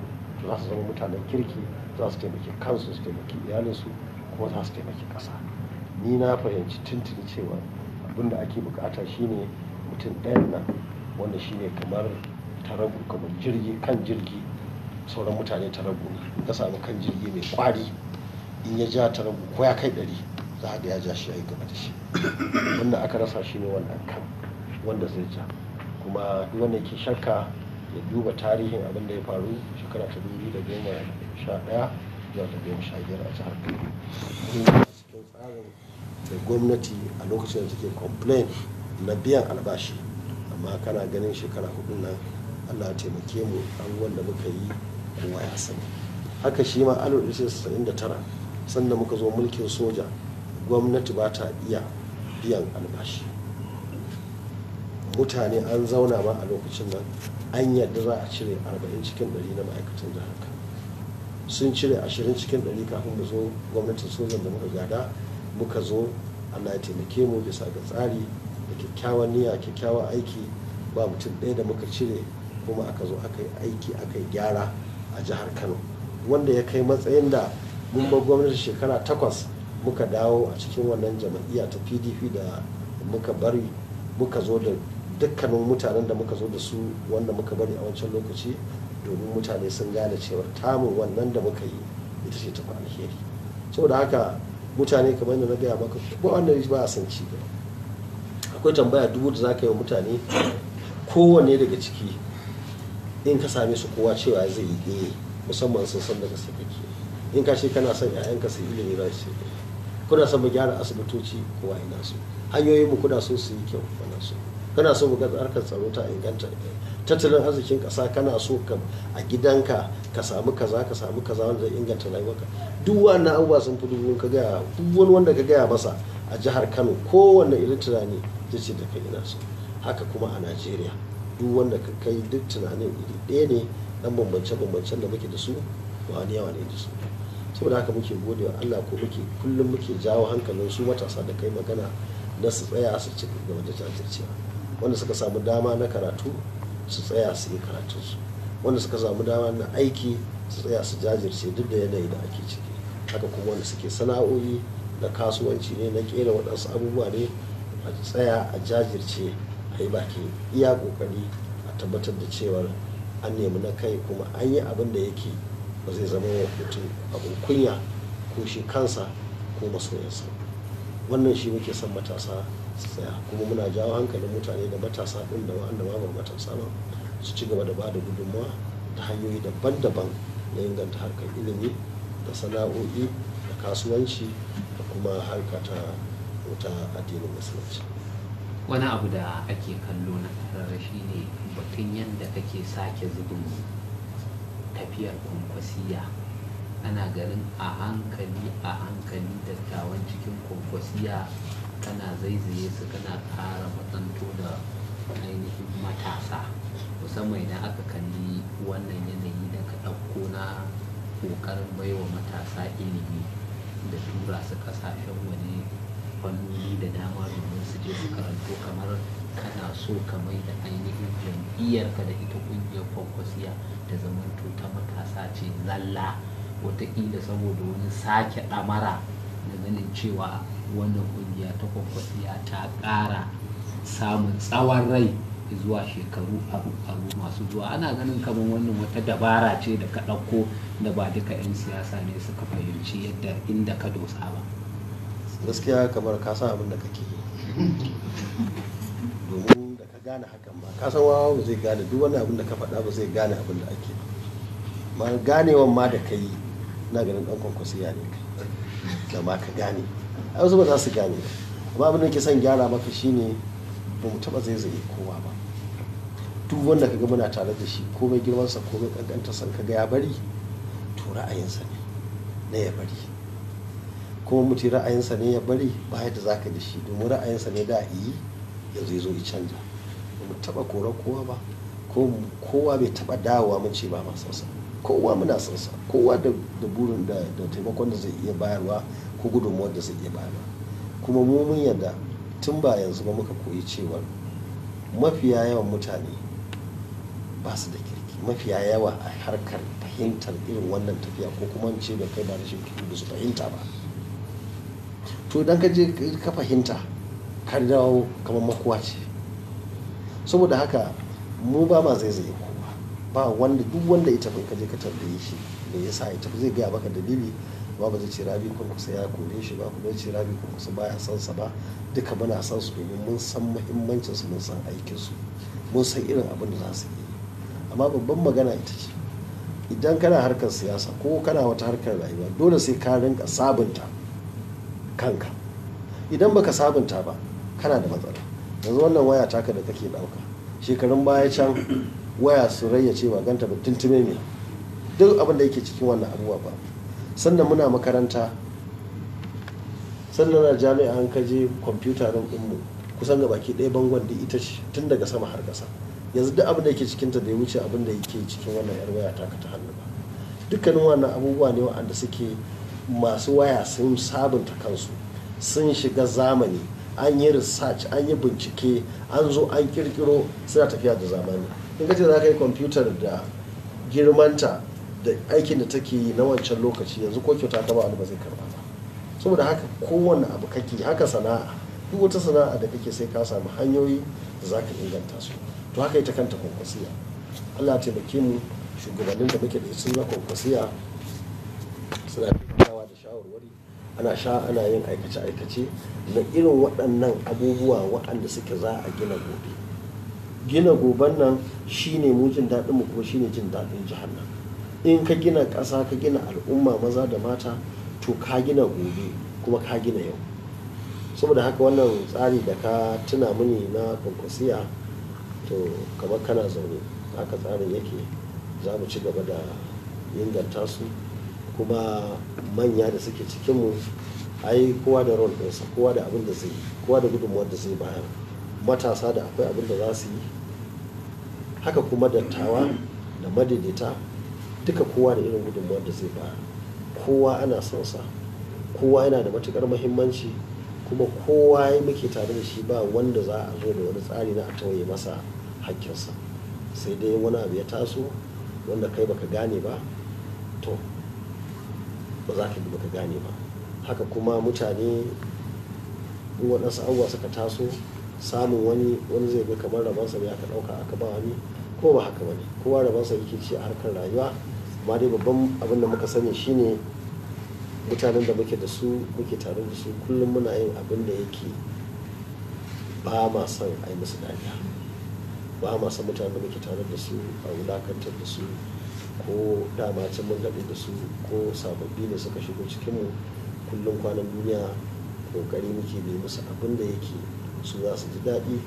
za su zama mutanen kirki za su taimaki kansu su taimaki iyalinsu kuma za su taimaki ƙasa ni na fahimci tuntun cewa abinda ake bukata shine mutum ɗayan nan wanda shine kamar taragu kamar jirgi kan jirgi sauran mutane taragu ne ka samu kan jirgi mai kwari in ya ja taragu ko ya kai ɗari za ga ya ja shi ya yi gaba da shi wanda aka rasa shi ne wannan kan wanda zai ja kuma duk wanda yake shakka ya duba tarihin abin da ya faru shekara ta dubu da goma sha ɗaya zuwa ta goma sha biyar a jihar kano cikin tsarin da gwamnati a lokacin da take complain na biyan albashi amma kana ganin shekara hudu nan allah taimake mu an wanda muka yi kowa ya sani haka shi ma tara sannan muka zo mulkin soja gwamnati ba ta iya biyan albashi mutane an zauna ma a lokacin nan an yadda za a cire 40 cikin 100 na ma'aikatan jihar sun cire ashirin cikin ɗari kafin mu zo gwamnatin sojan da muka gada muka zo allah ya taimake mu bisa ga tsari da kyakkyawan niyya kyakkyawan aiki ba mutum ɗaya da muka cire kuma aka zo aka yi aiki aka yi gyara a jihar kano wanda ya kai matsayin da mun bar gwamnati shekara takwas muka dawo a cikin wannan jama'iyya ta pdp da muka bari muka zo da dukkanin mutanen da muka zo da su wanda muka bari a wancan lokaci domin mutane sun gane cewar tamu wannan da muka yi ita ce tafi alheri saboda haka mutane kamar da na gaya maka ba wanda ba a san ci gaba akwai tambaya dubu da za ka yi wa mutane kowanne daga ciki in ka same su kowa cewa zai yi ɗaya eh, musamman sun san daga sai kake in ka ce kana son ƴaƴanka su ilimi za su kuna son mu gyara asibitoci kowa ina so hanyoyin mu kuna so su yi kyau kana so mu ga harkar tsaro ta inganta tattalin arzikin kasa kana so ka a gidanka ka samu kaza ka samu kaza wanda zai inganta rayuwarka duk wannan abubuwa sun fi dubu ka gaya duk wani wanda ka gaya masa a jihar kano kowanne irin tunani zai ce da kai ina so haka kuma a najeriya duk wanda ka kai duk tunanin iri ɗaya ne dan bambance bambancen da muke da su ba yawa ne da su saboda haka muke gode wa allah ko muke kullum muke jawo hankalin su matasa da kai magana na su tsaya su ci gaba da jajircewa wanda suka samu dama na karatu su tsaya su yi karatunsu wanda suka samu dama na aiki su tsaya su jajirce duk da yanayi da ake ciki haka kuma wanda suke sana'o'i da kasuwanci ne na kera waɗansu abubuwa ne a tsaya a jajirce a yi baki iya ƙoƙari a tabbatar da cewar an nemi na kai kuma an yi abin da yake ba zai zama wa mutum abin kunya ko shi kansa ko masoyansa wannan shi muke son matasa tsaya kuma muna jawo hankalin mutane da matasa ɗin da wa'anda ba matasa ba su ci gaba da ba da gudunmawa ta hanyoyi daban-daban na inganta harkar ilimi da sana'o'i da kasuwanci da kuma harka ta wuta addinin musulunci wani abu da ake kallo na tarara shi ne batun yadda kake sake zubin tafiyar kwankwasiya ana ganin a hankali a hankali dattawan cikin kwankwasiya kana zaizaye su kana kara matsanto da ainihin matasa musamman idan aka kalli wannan yanayi da ka ɗauko na ƙoƙarin baiwa matasa ilimi da tura su ƙasashen wani fannoni da dama domin su je su karanto kamar kana so ka mai da ainihin jam'iyyarka da ita ƙungiyar kwankwasiya da zamanto ta matasa ce zalla wataƙila saboda wani sake ɗamara da ganin cewa wannan kungiya ta kwankwasiya ta kara samun tsawon rai zuwa shekaru aru masu zuwa ana ganin kamar wannan wata dabara ce da ka ɗauko da ba duka 'yan siyasa ne suka fahimci yadda inda ka dosa ba gaskiya kamar ka san abin da kake domin da ka gane hakan ba ka san wawa zai gane duk wani abin da ka faɗa ba zai gane abin da ake ma ganewan ma da ka yi na ganin ɗan kwankwasiya ne kai da ma ka gane a wasu ba za su gane amma abin da ke son gyara maka shine ba mu taba zaizaye kowa ba duk wanda ka ga muna tare da shi komai girmansa komai ka kaga ya bari to ra'ayinsa ne na ya bari kuma mutum ra'ayinsa ne ya bari ba yadda za ka da shi domin ra'ayinsa ne da yi ya zai zo ya canja ba mu taba kora kowa ba kowa bai taba dawowa mun ce ba masa kowa muna son sa kowa da burin da taimakon da zai iya bayarwa ko gudunmuwar da zai iya bayarwa kuma mu mun yadda tun ba yanzu ba muka koyi cewa mafiya yawan mutane ba su da kirki mafiya yawa a harkar fahimtar irin wannan tafiya ko kuma ce da kai ba rashin kirki ba su fahimta ba to don ka je ka fahimta ka dawo kamar makuwa ce saboda haka mu ba ma zaizaye ko ba wanda duk wanda ita bai ka je ka tambaye shi me yasa ita tafi zai gaya baka dalili ba ba zai ce rabi kusa ya kore shi ba kuma ce rabi kun ba ya san sa ba duka muna san su domin mun san muhimmancin su mun san aikin su mun san irin abin da za su yi amma babban magana ita ce idan kana harkar siyasa ko kana wata harkar rayuwa dole sai ka rinka sabunta kanka idan baka sabunta ba kana da matsala yanzu wannan waya taka da kake dauka shekarun baya can waya su rayya ce ba ganta ba tuntume ne duk abin da yake cikin wannan abubuwa ba sannan muna makaranta sannan na jami'a an kaje kwamfuta don ɗinmu kusan ga baki ɗaya bangon da ita tun daga sama har ƙasa yanzu duk abin da yake cikin da ya wuce abin da yake cikin wannan yar waya ta ta hannu ba dukkanin wannan abubuwa ne waɗanda suke masu waya sun sabunta kansu sun shiga zamani an yi research an yi bincike an zo an kirkiro suna tafiya da zamani in ka ce za ka yi kwamfutar da girmanta da aikin da take yi na wancan lokaci yanzu ko kyauta ta ba wani ba zai karba ba saboda haka kowane abu kake haka sana'a duk wata sana'a da kake sai ka samu hanyoyi da za ka inganta su to haka ta kanta kwankwasiya allah ta taimake mu shugabannin da muke da su na kwankwasiya suna taimakawa da shawarwari ana sha ana yin aikace-aikace na irin waɗannan abubuwa waɗanda suke za a gina gobe gina goban nan shine mu jin daɗin mu kuma shine jin daɗin nan in ka gina ƙasa ka gina al'umma maza da mata to ka gina gobe kuma ka gina yau saboda haka wannan tsari da ka tuna mini na kwankwasiya to kamar kana zaune haka tsarin yake za mu ci gaba da inganta su kuma manya da suke cikinmu ai kowa da ɗinsa kowa da abin da zai kowa da gudunmuwar da zai bayar matasa da akwai abin da za su yi haka kuma dattawa da madaidaita duka kowa da irin gudunmuwar da zai ba kowa ana son sa kowa yana da matukar mahimmanci kuma kowa ya muke tare da shi ba wanda za a zo da wani tsari na a tawaye masa hakkinsa sai dai wani abu ya taso wanda kai baka gane ba to ba za ka yi baka gane ba haka kuma mutane in waɗansu abubuwa suka taso samun wani wani zai ga kamar rabansa ne aka ɗauka aka ba wani ko ba haka bane kowa rabansa yake ci a harkar rayuwa amma dai babban abin da muka sani shine mutanen da muke da su muke tare da su kullum muna yin abin da yake ba ma son a yi musu dariya ba ma son mutanen da muke tare da su a wulakantar da su ko dama can mun daɗe da su ko sababbi ne suka shigo cikinmu kullum kwanan duniya kokari muke mai musu abin da yake su za su ji daɗi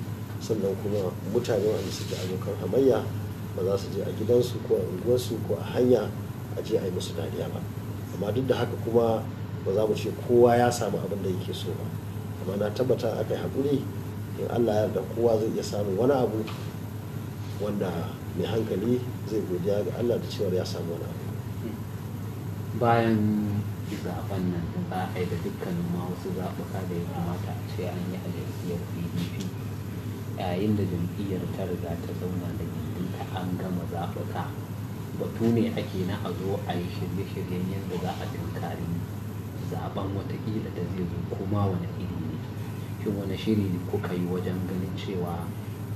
sannan kuma mutane wanda suke abokan hamayya ba za su je a gidansu ko a unguwarsu ko a hanya a je a yi musu dariya ba amma duk da haka kuma ba za mu ce kowa ya samu abin da yake so ba amma na tabbata aka yi haƙuri in allah ya yarda kowa zai iya samun wani abu wanda mai hankali zai godiya ga allah da cewar ya samu wani abu bayan Zaɓen nan da za a yi da dukkanin ma wasu zaɓuka da ya kamata a ce an yi a jam'iyyar pdp yayin da jam'iyyar ta riga ta zauna da gindinta an gama zaɓuka batu ne ake na a zo a yi shirye-shiryen yadda za a tunkari zaben watakila da zai zo kuma wani iri ne shin wani shiri ne kuka yi wajen ganin cewa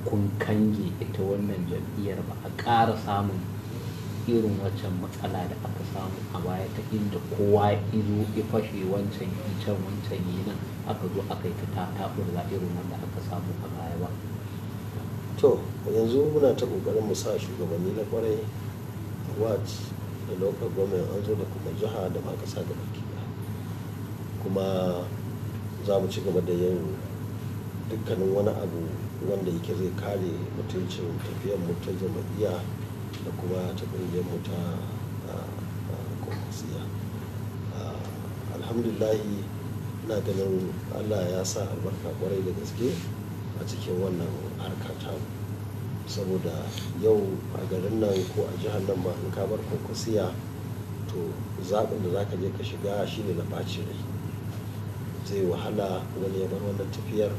kun kange ita wannan jam'iyyar ba a ƙara samun irin wancan matsala da aka samu a baya ta inda kowa izo ya fashe wancan can wancan yi nan aka zo aka yi ta ta irin wanda aka samu a baya ba to yanzu muna ta kokarin mu sa shugabanni na kwarai wat da local government an zo da kuma jiha da ma kasa da baki kuma za mu ci gaba da yin dukkanin wani abu wanda yake zai kare mutuncin tafiyar mu ta jama'iyya da kuma ta ƙungiyar mu ta kwakwasiya alhamdulahi ina ganin allah ya sa albarka kwarai da gaske a cikin wannan harka ta saboda yau a garin nan ko a jihar nan ba in ka bar kwakwasiya to zaɓin da za ka je ka shiga shine na ɓaci rai zai wahala wani ya bar wannan tafiyar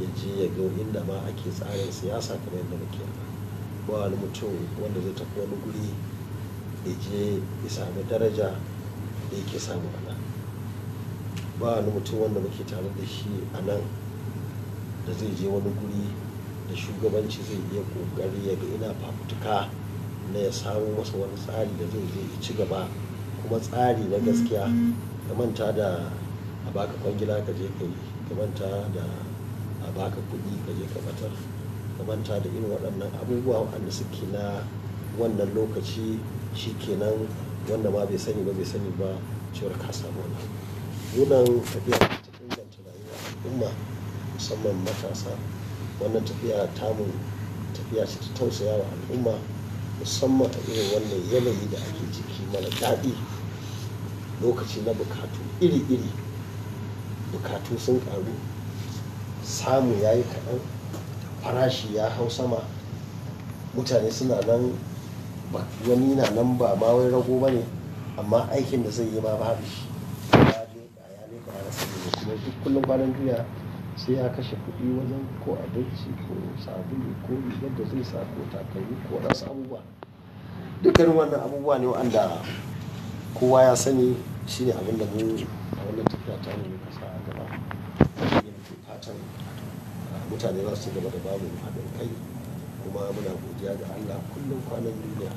ya je ya ga inda ma ake tsarin siyasa kamar yadda muke ba ba wani mutum wanda zai tafi wani guri ya je ya samu daraja da yake samu a ba wani mutum wanda muke tare da shi a nan da zai je wani guri da shugabanci zai iya kokari ya ga ina fafutuka na ya samu masa wani tsari da zai je ya ci gaba kuma tsari na gaskiya ka manta da a baka kwangila ka je ka yi ka manta da a baka kuɗi ka je ka batar Gabanta da irin waɗannan abubuwa waɗanda suke na wannan lokaci shi kenan wanda ma bai sani ba bai sani ba cewar ka samu wannan nunan tafiya ta inganta rayuwa al'umma musamman matasa wannan tafiya tamu tafiya ce ta tausaya wa al'umma musamman a irin wannan yanayi da ake ciki mara daɗi lokaci na bukatu iri-iri bukatu sun ƙaru samu ya yi kaɗan farashi ya hau sama mutane suna nan wani na nan ba ma wai rago ba ne amma aikin da zai yi ma babu shi ya leka ya ya rasa ne kuma duk kullum kwanan duniya sai ya kashe kuɗi wajen ko abinci ko sabulu ko rigar da zai sa ko takalmi ko wasu abubuwa dukkanin wannan abubuwa ne wanda kowa ya sani shine abin da mu a wannan tafiya ta ne kasa a gaba fatan mutane za su ci gaba da babu haɗin kai kuma muna godiya ga allah kullum kwanan duniya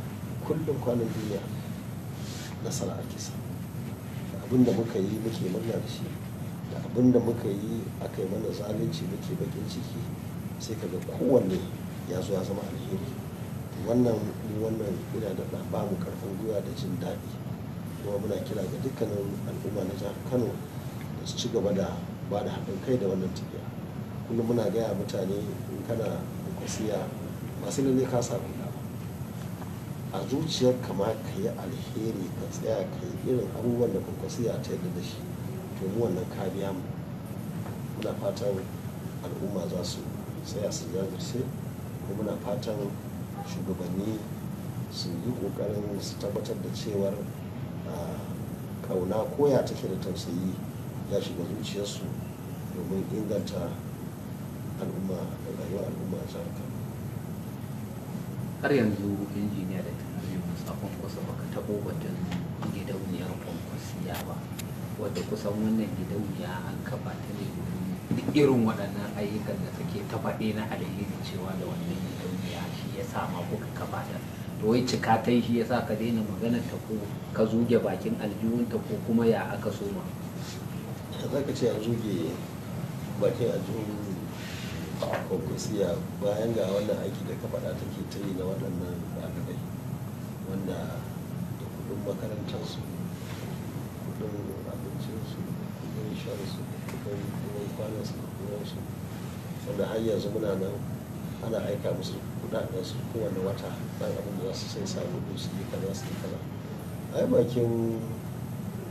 kullum kwanan duniya nasara ake kisa. da abin da muka yi muke murna da shi da abin muka yi aka yi mana zalunci muke bakin ciki sai ka ga kowanne ya zo ya zama alheri wannan wannan ina da ba mu karfin gwiwa da jin daɗi kuma muna kira ga dukkanin al'umma na jihar kano da su ci gaba da ba da haɗin kai da wannan tafiya kullum muna gaya mutane in kana kwasiya masu lalle ka samu a zuciyar kama ka yi alheri ka tsaya ka yi irin abubuwan da kwakwasiya ta yadda da shi to mu wannan kariya mu muna fatan al'umma za su tsaya su jajirce kuma muna fatan shugabanni su yi kokarin su tabbatar da cewar kauna ah, koya take da tausayi ya shiga zuciyarsu domin inganta al'umma rayuwar al'umma a jihar kano har yanzu injiniya da tunanin musafin kusa baka taɓo batun gidauniyar kwankwasiya ba wadda kusan wannan gidauniya an kafa ta ne duk irin waɗannan ayyukan da suke ta faɗe na alheri cewa da wannan gidauniya shi ya sa ma kuka kafa ta to wai cika ta shi ya sa ka daina magana ta ko ka zuge bakin aljihun ta ko kuma ya aka soma za ka ce a zuge bakin aljihun kwankwasiya bayan ga wannan aiki da ka faɗa take ta yi na waɗannan ɗalibai wanda da kuɗin makarantarsu kuɗin abincinsu kuɗin shansu kuɗin kuɗin kwanansu da kuɗinsu wanda har yanzu muna nan ana aika musu su, kowane wata ɗan abin da za su sai samu ko su yi kaza su yi kaza ai bakin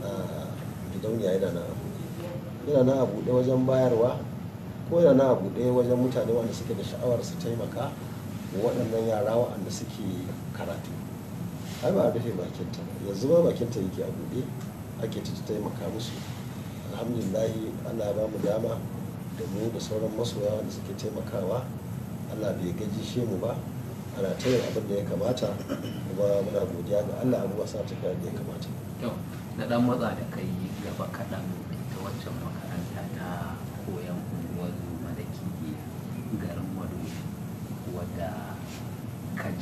ah, gidauniya yana na abu yana na abu da wajen bayarwa ko abu ɗaya wajen mutane wanda suke da sha'awar su taimaka waɗannan yara waɗanda suke karatu ai ba rufe bakinta yanzu ba bakinta yake a buɗe ake ta taimaka musu alhamdulillahi allah ba mu dama da mu da sauran masoya wanda suke taimakawa allah bai gaji shi mu ba ana ta yin abin da ya kamata kuma muna godiya ga allah abubuwa sa ta da ya kamata na dan matsa da kai gaba kaɗan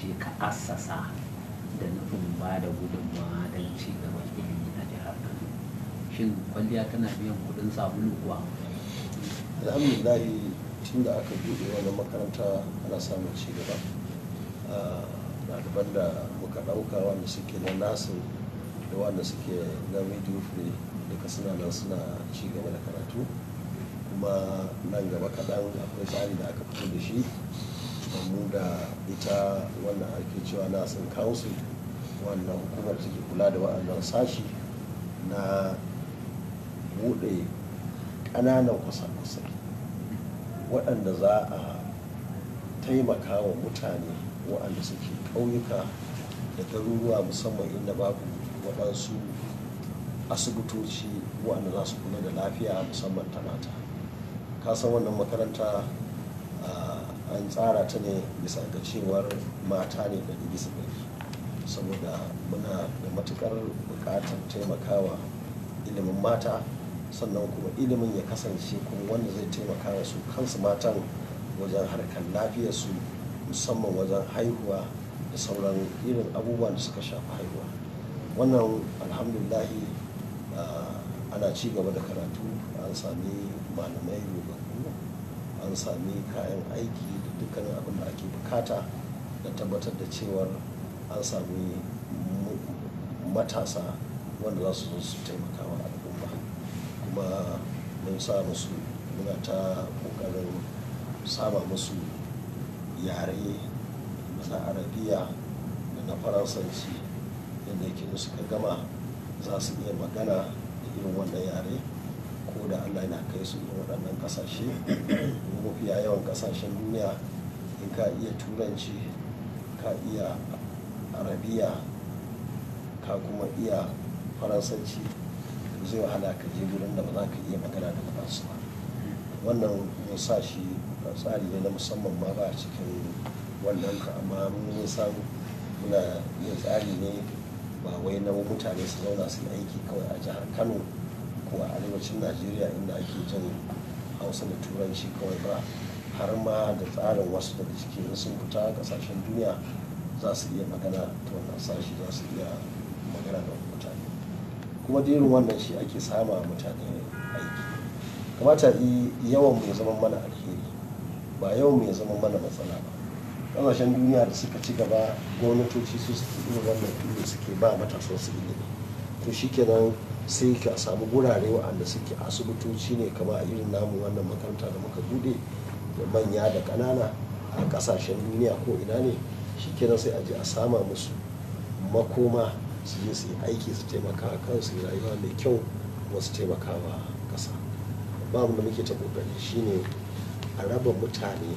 je ka assasa da nufin ba da gudunmawa don ci gaban ilimi a jihar Kano shin kwalliya tana biyan kuɗin sabulu kuwa alhamdulillah tun da aka buɗe wannan makaranta ana samun ci gaba na ah, daban da muka ɗauka wanda suke na nasu da wanda suke na da duka suna nan suna ci gaba da karatu kuma nan gaba kaɗan akwai tsari da aka fito da shi mu da ita wannan ake cewa nasin council wannan hukumar take kula da wa'annan sashi na buɗe ƙananan kusa kusa waɗanda za a taimaka wa mutane waɗanda suke ƙauyuka da garuruwa musamman inda babu waɗansu asibitoci waɗanda za su kula da lafiya musamman ta mata kasan wannan makaranta an tsara ta ne bisa ga cewar mata ne da bisa saboda muna da matukar bukatar taimakawa ilimin mata sannan kuma ilimin ya kasance kuma wanda zai taimaka wa su kansu matan wajen harkar lafiyarsu musamman wajen haihuwa da sauran irin abubuwan da suka shafi haihuwa wannan alhamdulahi ah, ana ci gaba da karatu an sami malamai an sami kayan aiki da dukkanin abin da ake bukata da tabbatar da cewar an sami matasa wanda za su su taimaka wa al'umma kuma mun sa musu muna ta kokarin sama musu yare na arabiya da na faransanci yadda yake suka gama za su iya magana da irin wannan yare ko da allah yana kai su yi waɗannan ƙasashe mafiya yawan ƙasashen duniya in ka iya turanci ka iya arabiya ka kuma iya faransanci zai wahala ka je gurin da ba za ka iya magana da su ba wannan ya sa shi tsari ne na musamman ma ba cikin wannan ka amma mun san muna yin tsari ne ba wai na mutane su zauna su aiki kawai a jihar kano ko a arewacin najeriya inda ake jan hausa da turanci kawai ba har ma da tsarin wasu daga cikin sun fita kasashen duniya za su iya magana ta wannan sashi za su iya magana da mutane kuma da wannan shi ake sama mutane aiki kamata yawan mai zama mana alheri ba yawan mai zama mana matsala ba kasashen duniya da suka ci gaba gwamnatoci su suke wannan suke ba matasan su ilimi to shikenan sai ka samu gurare waɗanda suke asibitoci ne kamar a irin namu wannan makaranta da muka bude da manya da kanana a kasashen duniya ko ina ne shi kenan sai a je a sama musu makoma su je su yi aiki su taimaka kansu rayuwa mai kyau kuma su taimaka wa ƙasa ba mu da muke ta ƙoƙari shine a raba mutane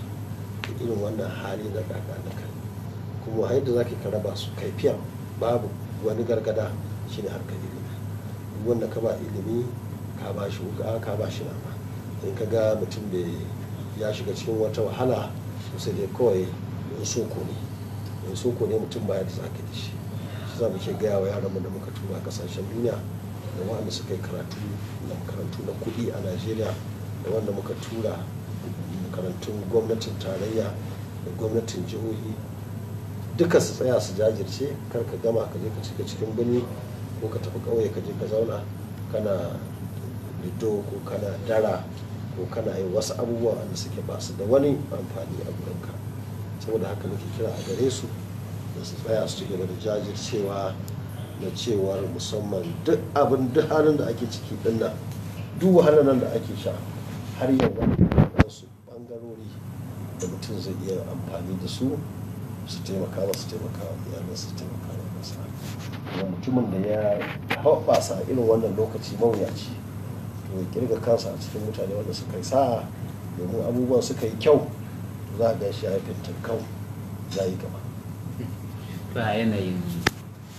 da irin wannan hali na kaka kuma yadda za ka raba su kaifiyar babu wani gargada shine harkar wanda ka ba ilimi ka ba shi wuka ka ba shi nama in ka ga mutum bai ya shiga cikin wata wahala sosai dai kawai in soko ne in soko ne mutum baya da zaka da shi shi za mu ke gaya wa yaran da muka tura kasashen duniya da wanda suka yi karatu na makarantu na kuɗi a najeriya da wanda muka tura makarantun gwamnatin tarayya da gwamnatin jihohi duka su tsaya su jajirce kar ka gama ka je ka cika cikin birni ko ka tafi ƙauye ka je ka zauna kana lido ko kana dara ko kana yi wasu abubuwa wanda suke ba su da wani amfani a gurinka saboda haka nake kira a gare su da su tsaya su ci gaba da jajircewa na cewar musamman duk abin duk halin da ake ciki din nan duk wahalar nan da ake sha har yau wani su bangarori da mutum zai iya amfani da su su taimaka ba su taimaka ya iyalin su taimaka wa kansa kuma mutumin da ya hoɓasa irin wannan lokaci mawuyaci to ya kirga kansa a cikin mutane wanda suka yi sa'a domin abubuwan suka yi kyau to za a ga shi ya fintin kau za yi gaba to a yanayin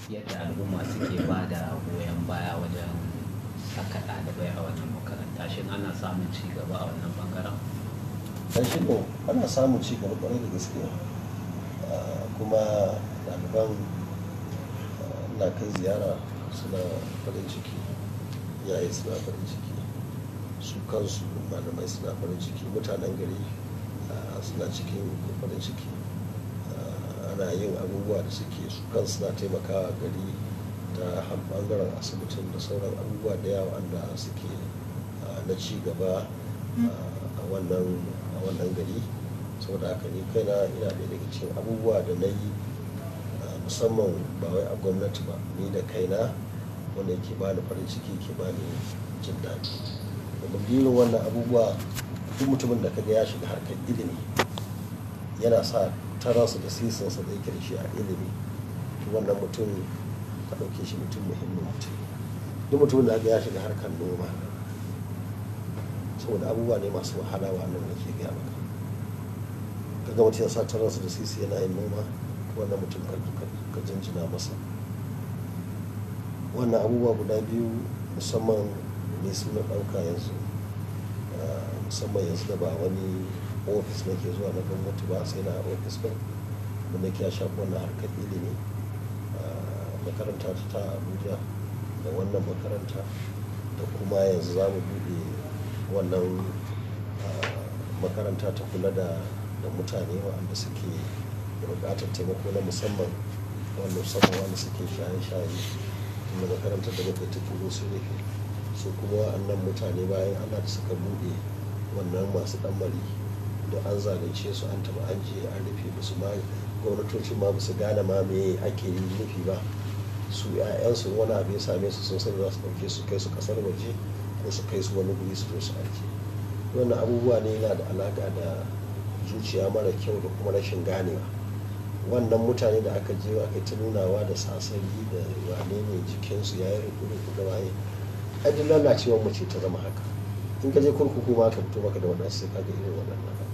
yadda al'umma suke ba da goyon baya wajen saka ɗalibai a wannan makaranta shin ana samun ci gaba a wannan bangaren? Ɗan shi ana samun ci gaba ƙwarai da gaskiya kuma ɗaliban eh, na kan ziyara suna farin ciki yayi suna farin ciki su kansu malamai suna farin ciki mutanen gari eh, suna cikin farin ciki eh, ana yin abubuwa da suke su kan suna taimakawa gari ta bangaren asibitin da sauran abubuwa da yawa wanda suke na ci gaba mm. a wannan gari saboda haka ni kaina ina da daga cikin abubuwa da na yi musamman ba wai a gwamnati ba ni da kaina wanda yake ni farin ciki ke ba ni jin daɗi domin birin wannan abubuwa duk mutumin da kaga ya shiga harkar ilimi yana sa taransa da sisinsa da yake da shi a ilimi to wannan mutum ka ɗauke shi mutum muhimmin mutum duk mutumin da kaga ya shiga harkar noma saboda abubuwa ne masu wahala wa nan da ke gaya maka kaga wata ya sa taransa da sisi yana yin noma wannan mutum ka jinjina masa wannan abubuwa guda biyu musamman ne suna ɗauka yanzu ah, musamman yanzu da ba wani ofis nake zuwa na gwamnati ba sai na ofis ɗin da nake ya shafi wannan harkar ilimi ah, makaranta ta abuja da wannan makaranta da kuma yanzu za mu buɗe wannan ah, makaranta ta kula da da mutane waɗanda suke buƙatar taimako na musamman wanda musamman wanda suke shaye-shaye da makarantar da muka tafi ko su ne su kuma waɗannan mutane bayan ana da suka buɗe wannan masu ɗanmari da an zalunce su an taɓa an je an rufe musu ma gwamnatocin ma ba su gane ma me ake yi nufi ba su 'ya'yansu wani abu ya same su sun sani za su ɗauke su kai su ƙasar waje ko su kai su wani guri su zo su aiki wannan abubuwa ne yana da alaƙa da zuciya mara kyau da kuma rashin ganewa wannan mutane da aka je aka ta nunawa da sasari da wane ne jikinsu ya yi ko da waye ajin lalacewar mace ta zama haka in ka je kurkuku ma ka fito maka da wannan sai ka ga irin wannan haka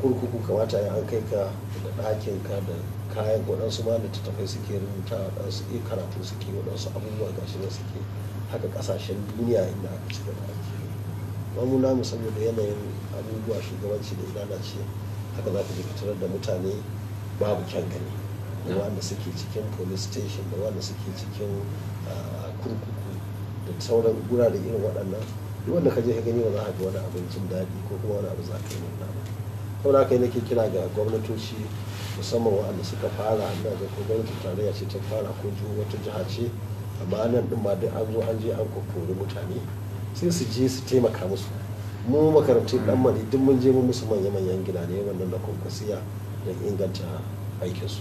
kurkuku kamata ya an kai ka da ɗakin ka da kayan waɗansu ma da ta tafai suke rubuta waɗansu iya karatu suke waɗansu abubuwa gashi da suke haka ƙasashen duniya inda aka ci gaba ake mu namu saboda yanayin abubuwa shugabanci da lalace haka za ka ji fitar da mutane babu kyan gani da wanda suke cikin police station da wanda suke cikin kurkuku da sauran gurare irin waɗannan duk wanda ka je ka gani ba za ka ga wani abincin daɗi ko kuma wani abu za ka yi nuna ba kawai haka ke kira ga gwamnatoci musamman waɗanda suka fara ina da ko gwamnatin tarayya ce ta fara ko wata jiha ce amma nan ɗin ma duk an zo an je an kokori mutane sai su je su taimaka musu mu makarantu dan mali duk mun je mu musu manya-manyan gida ne wannan da kwankwasiya don inganta aikin aikinsu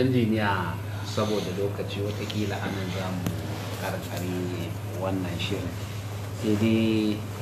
injiniya saboda lokaci watakila anan za mu karkare wannan shirin sai dai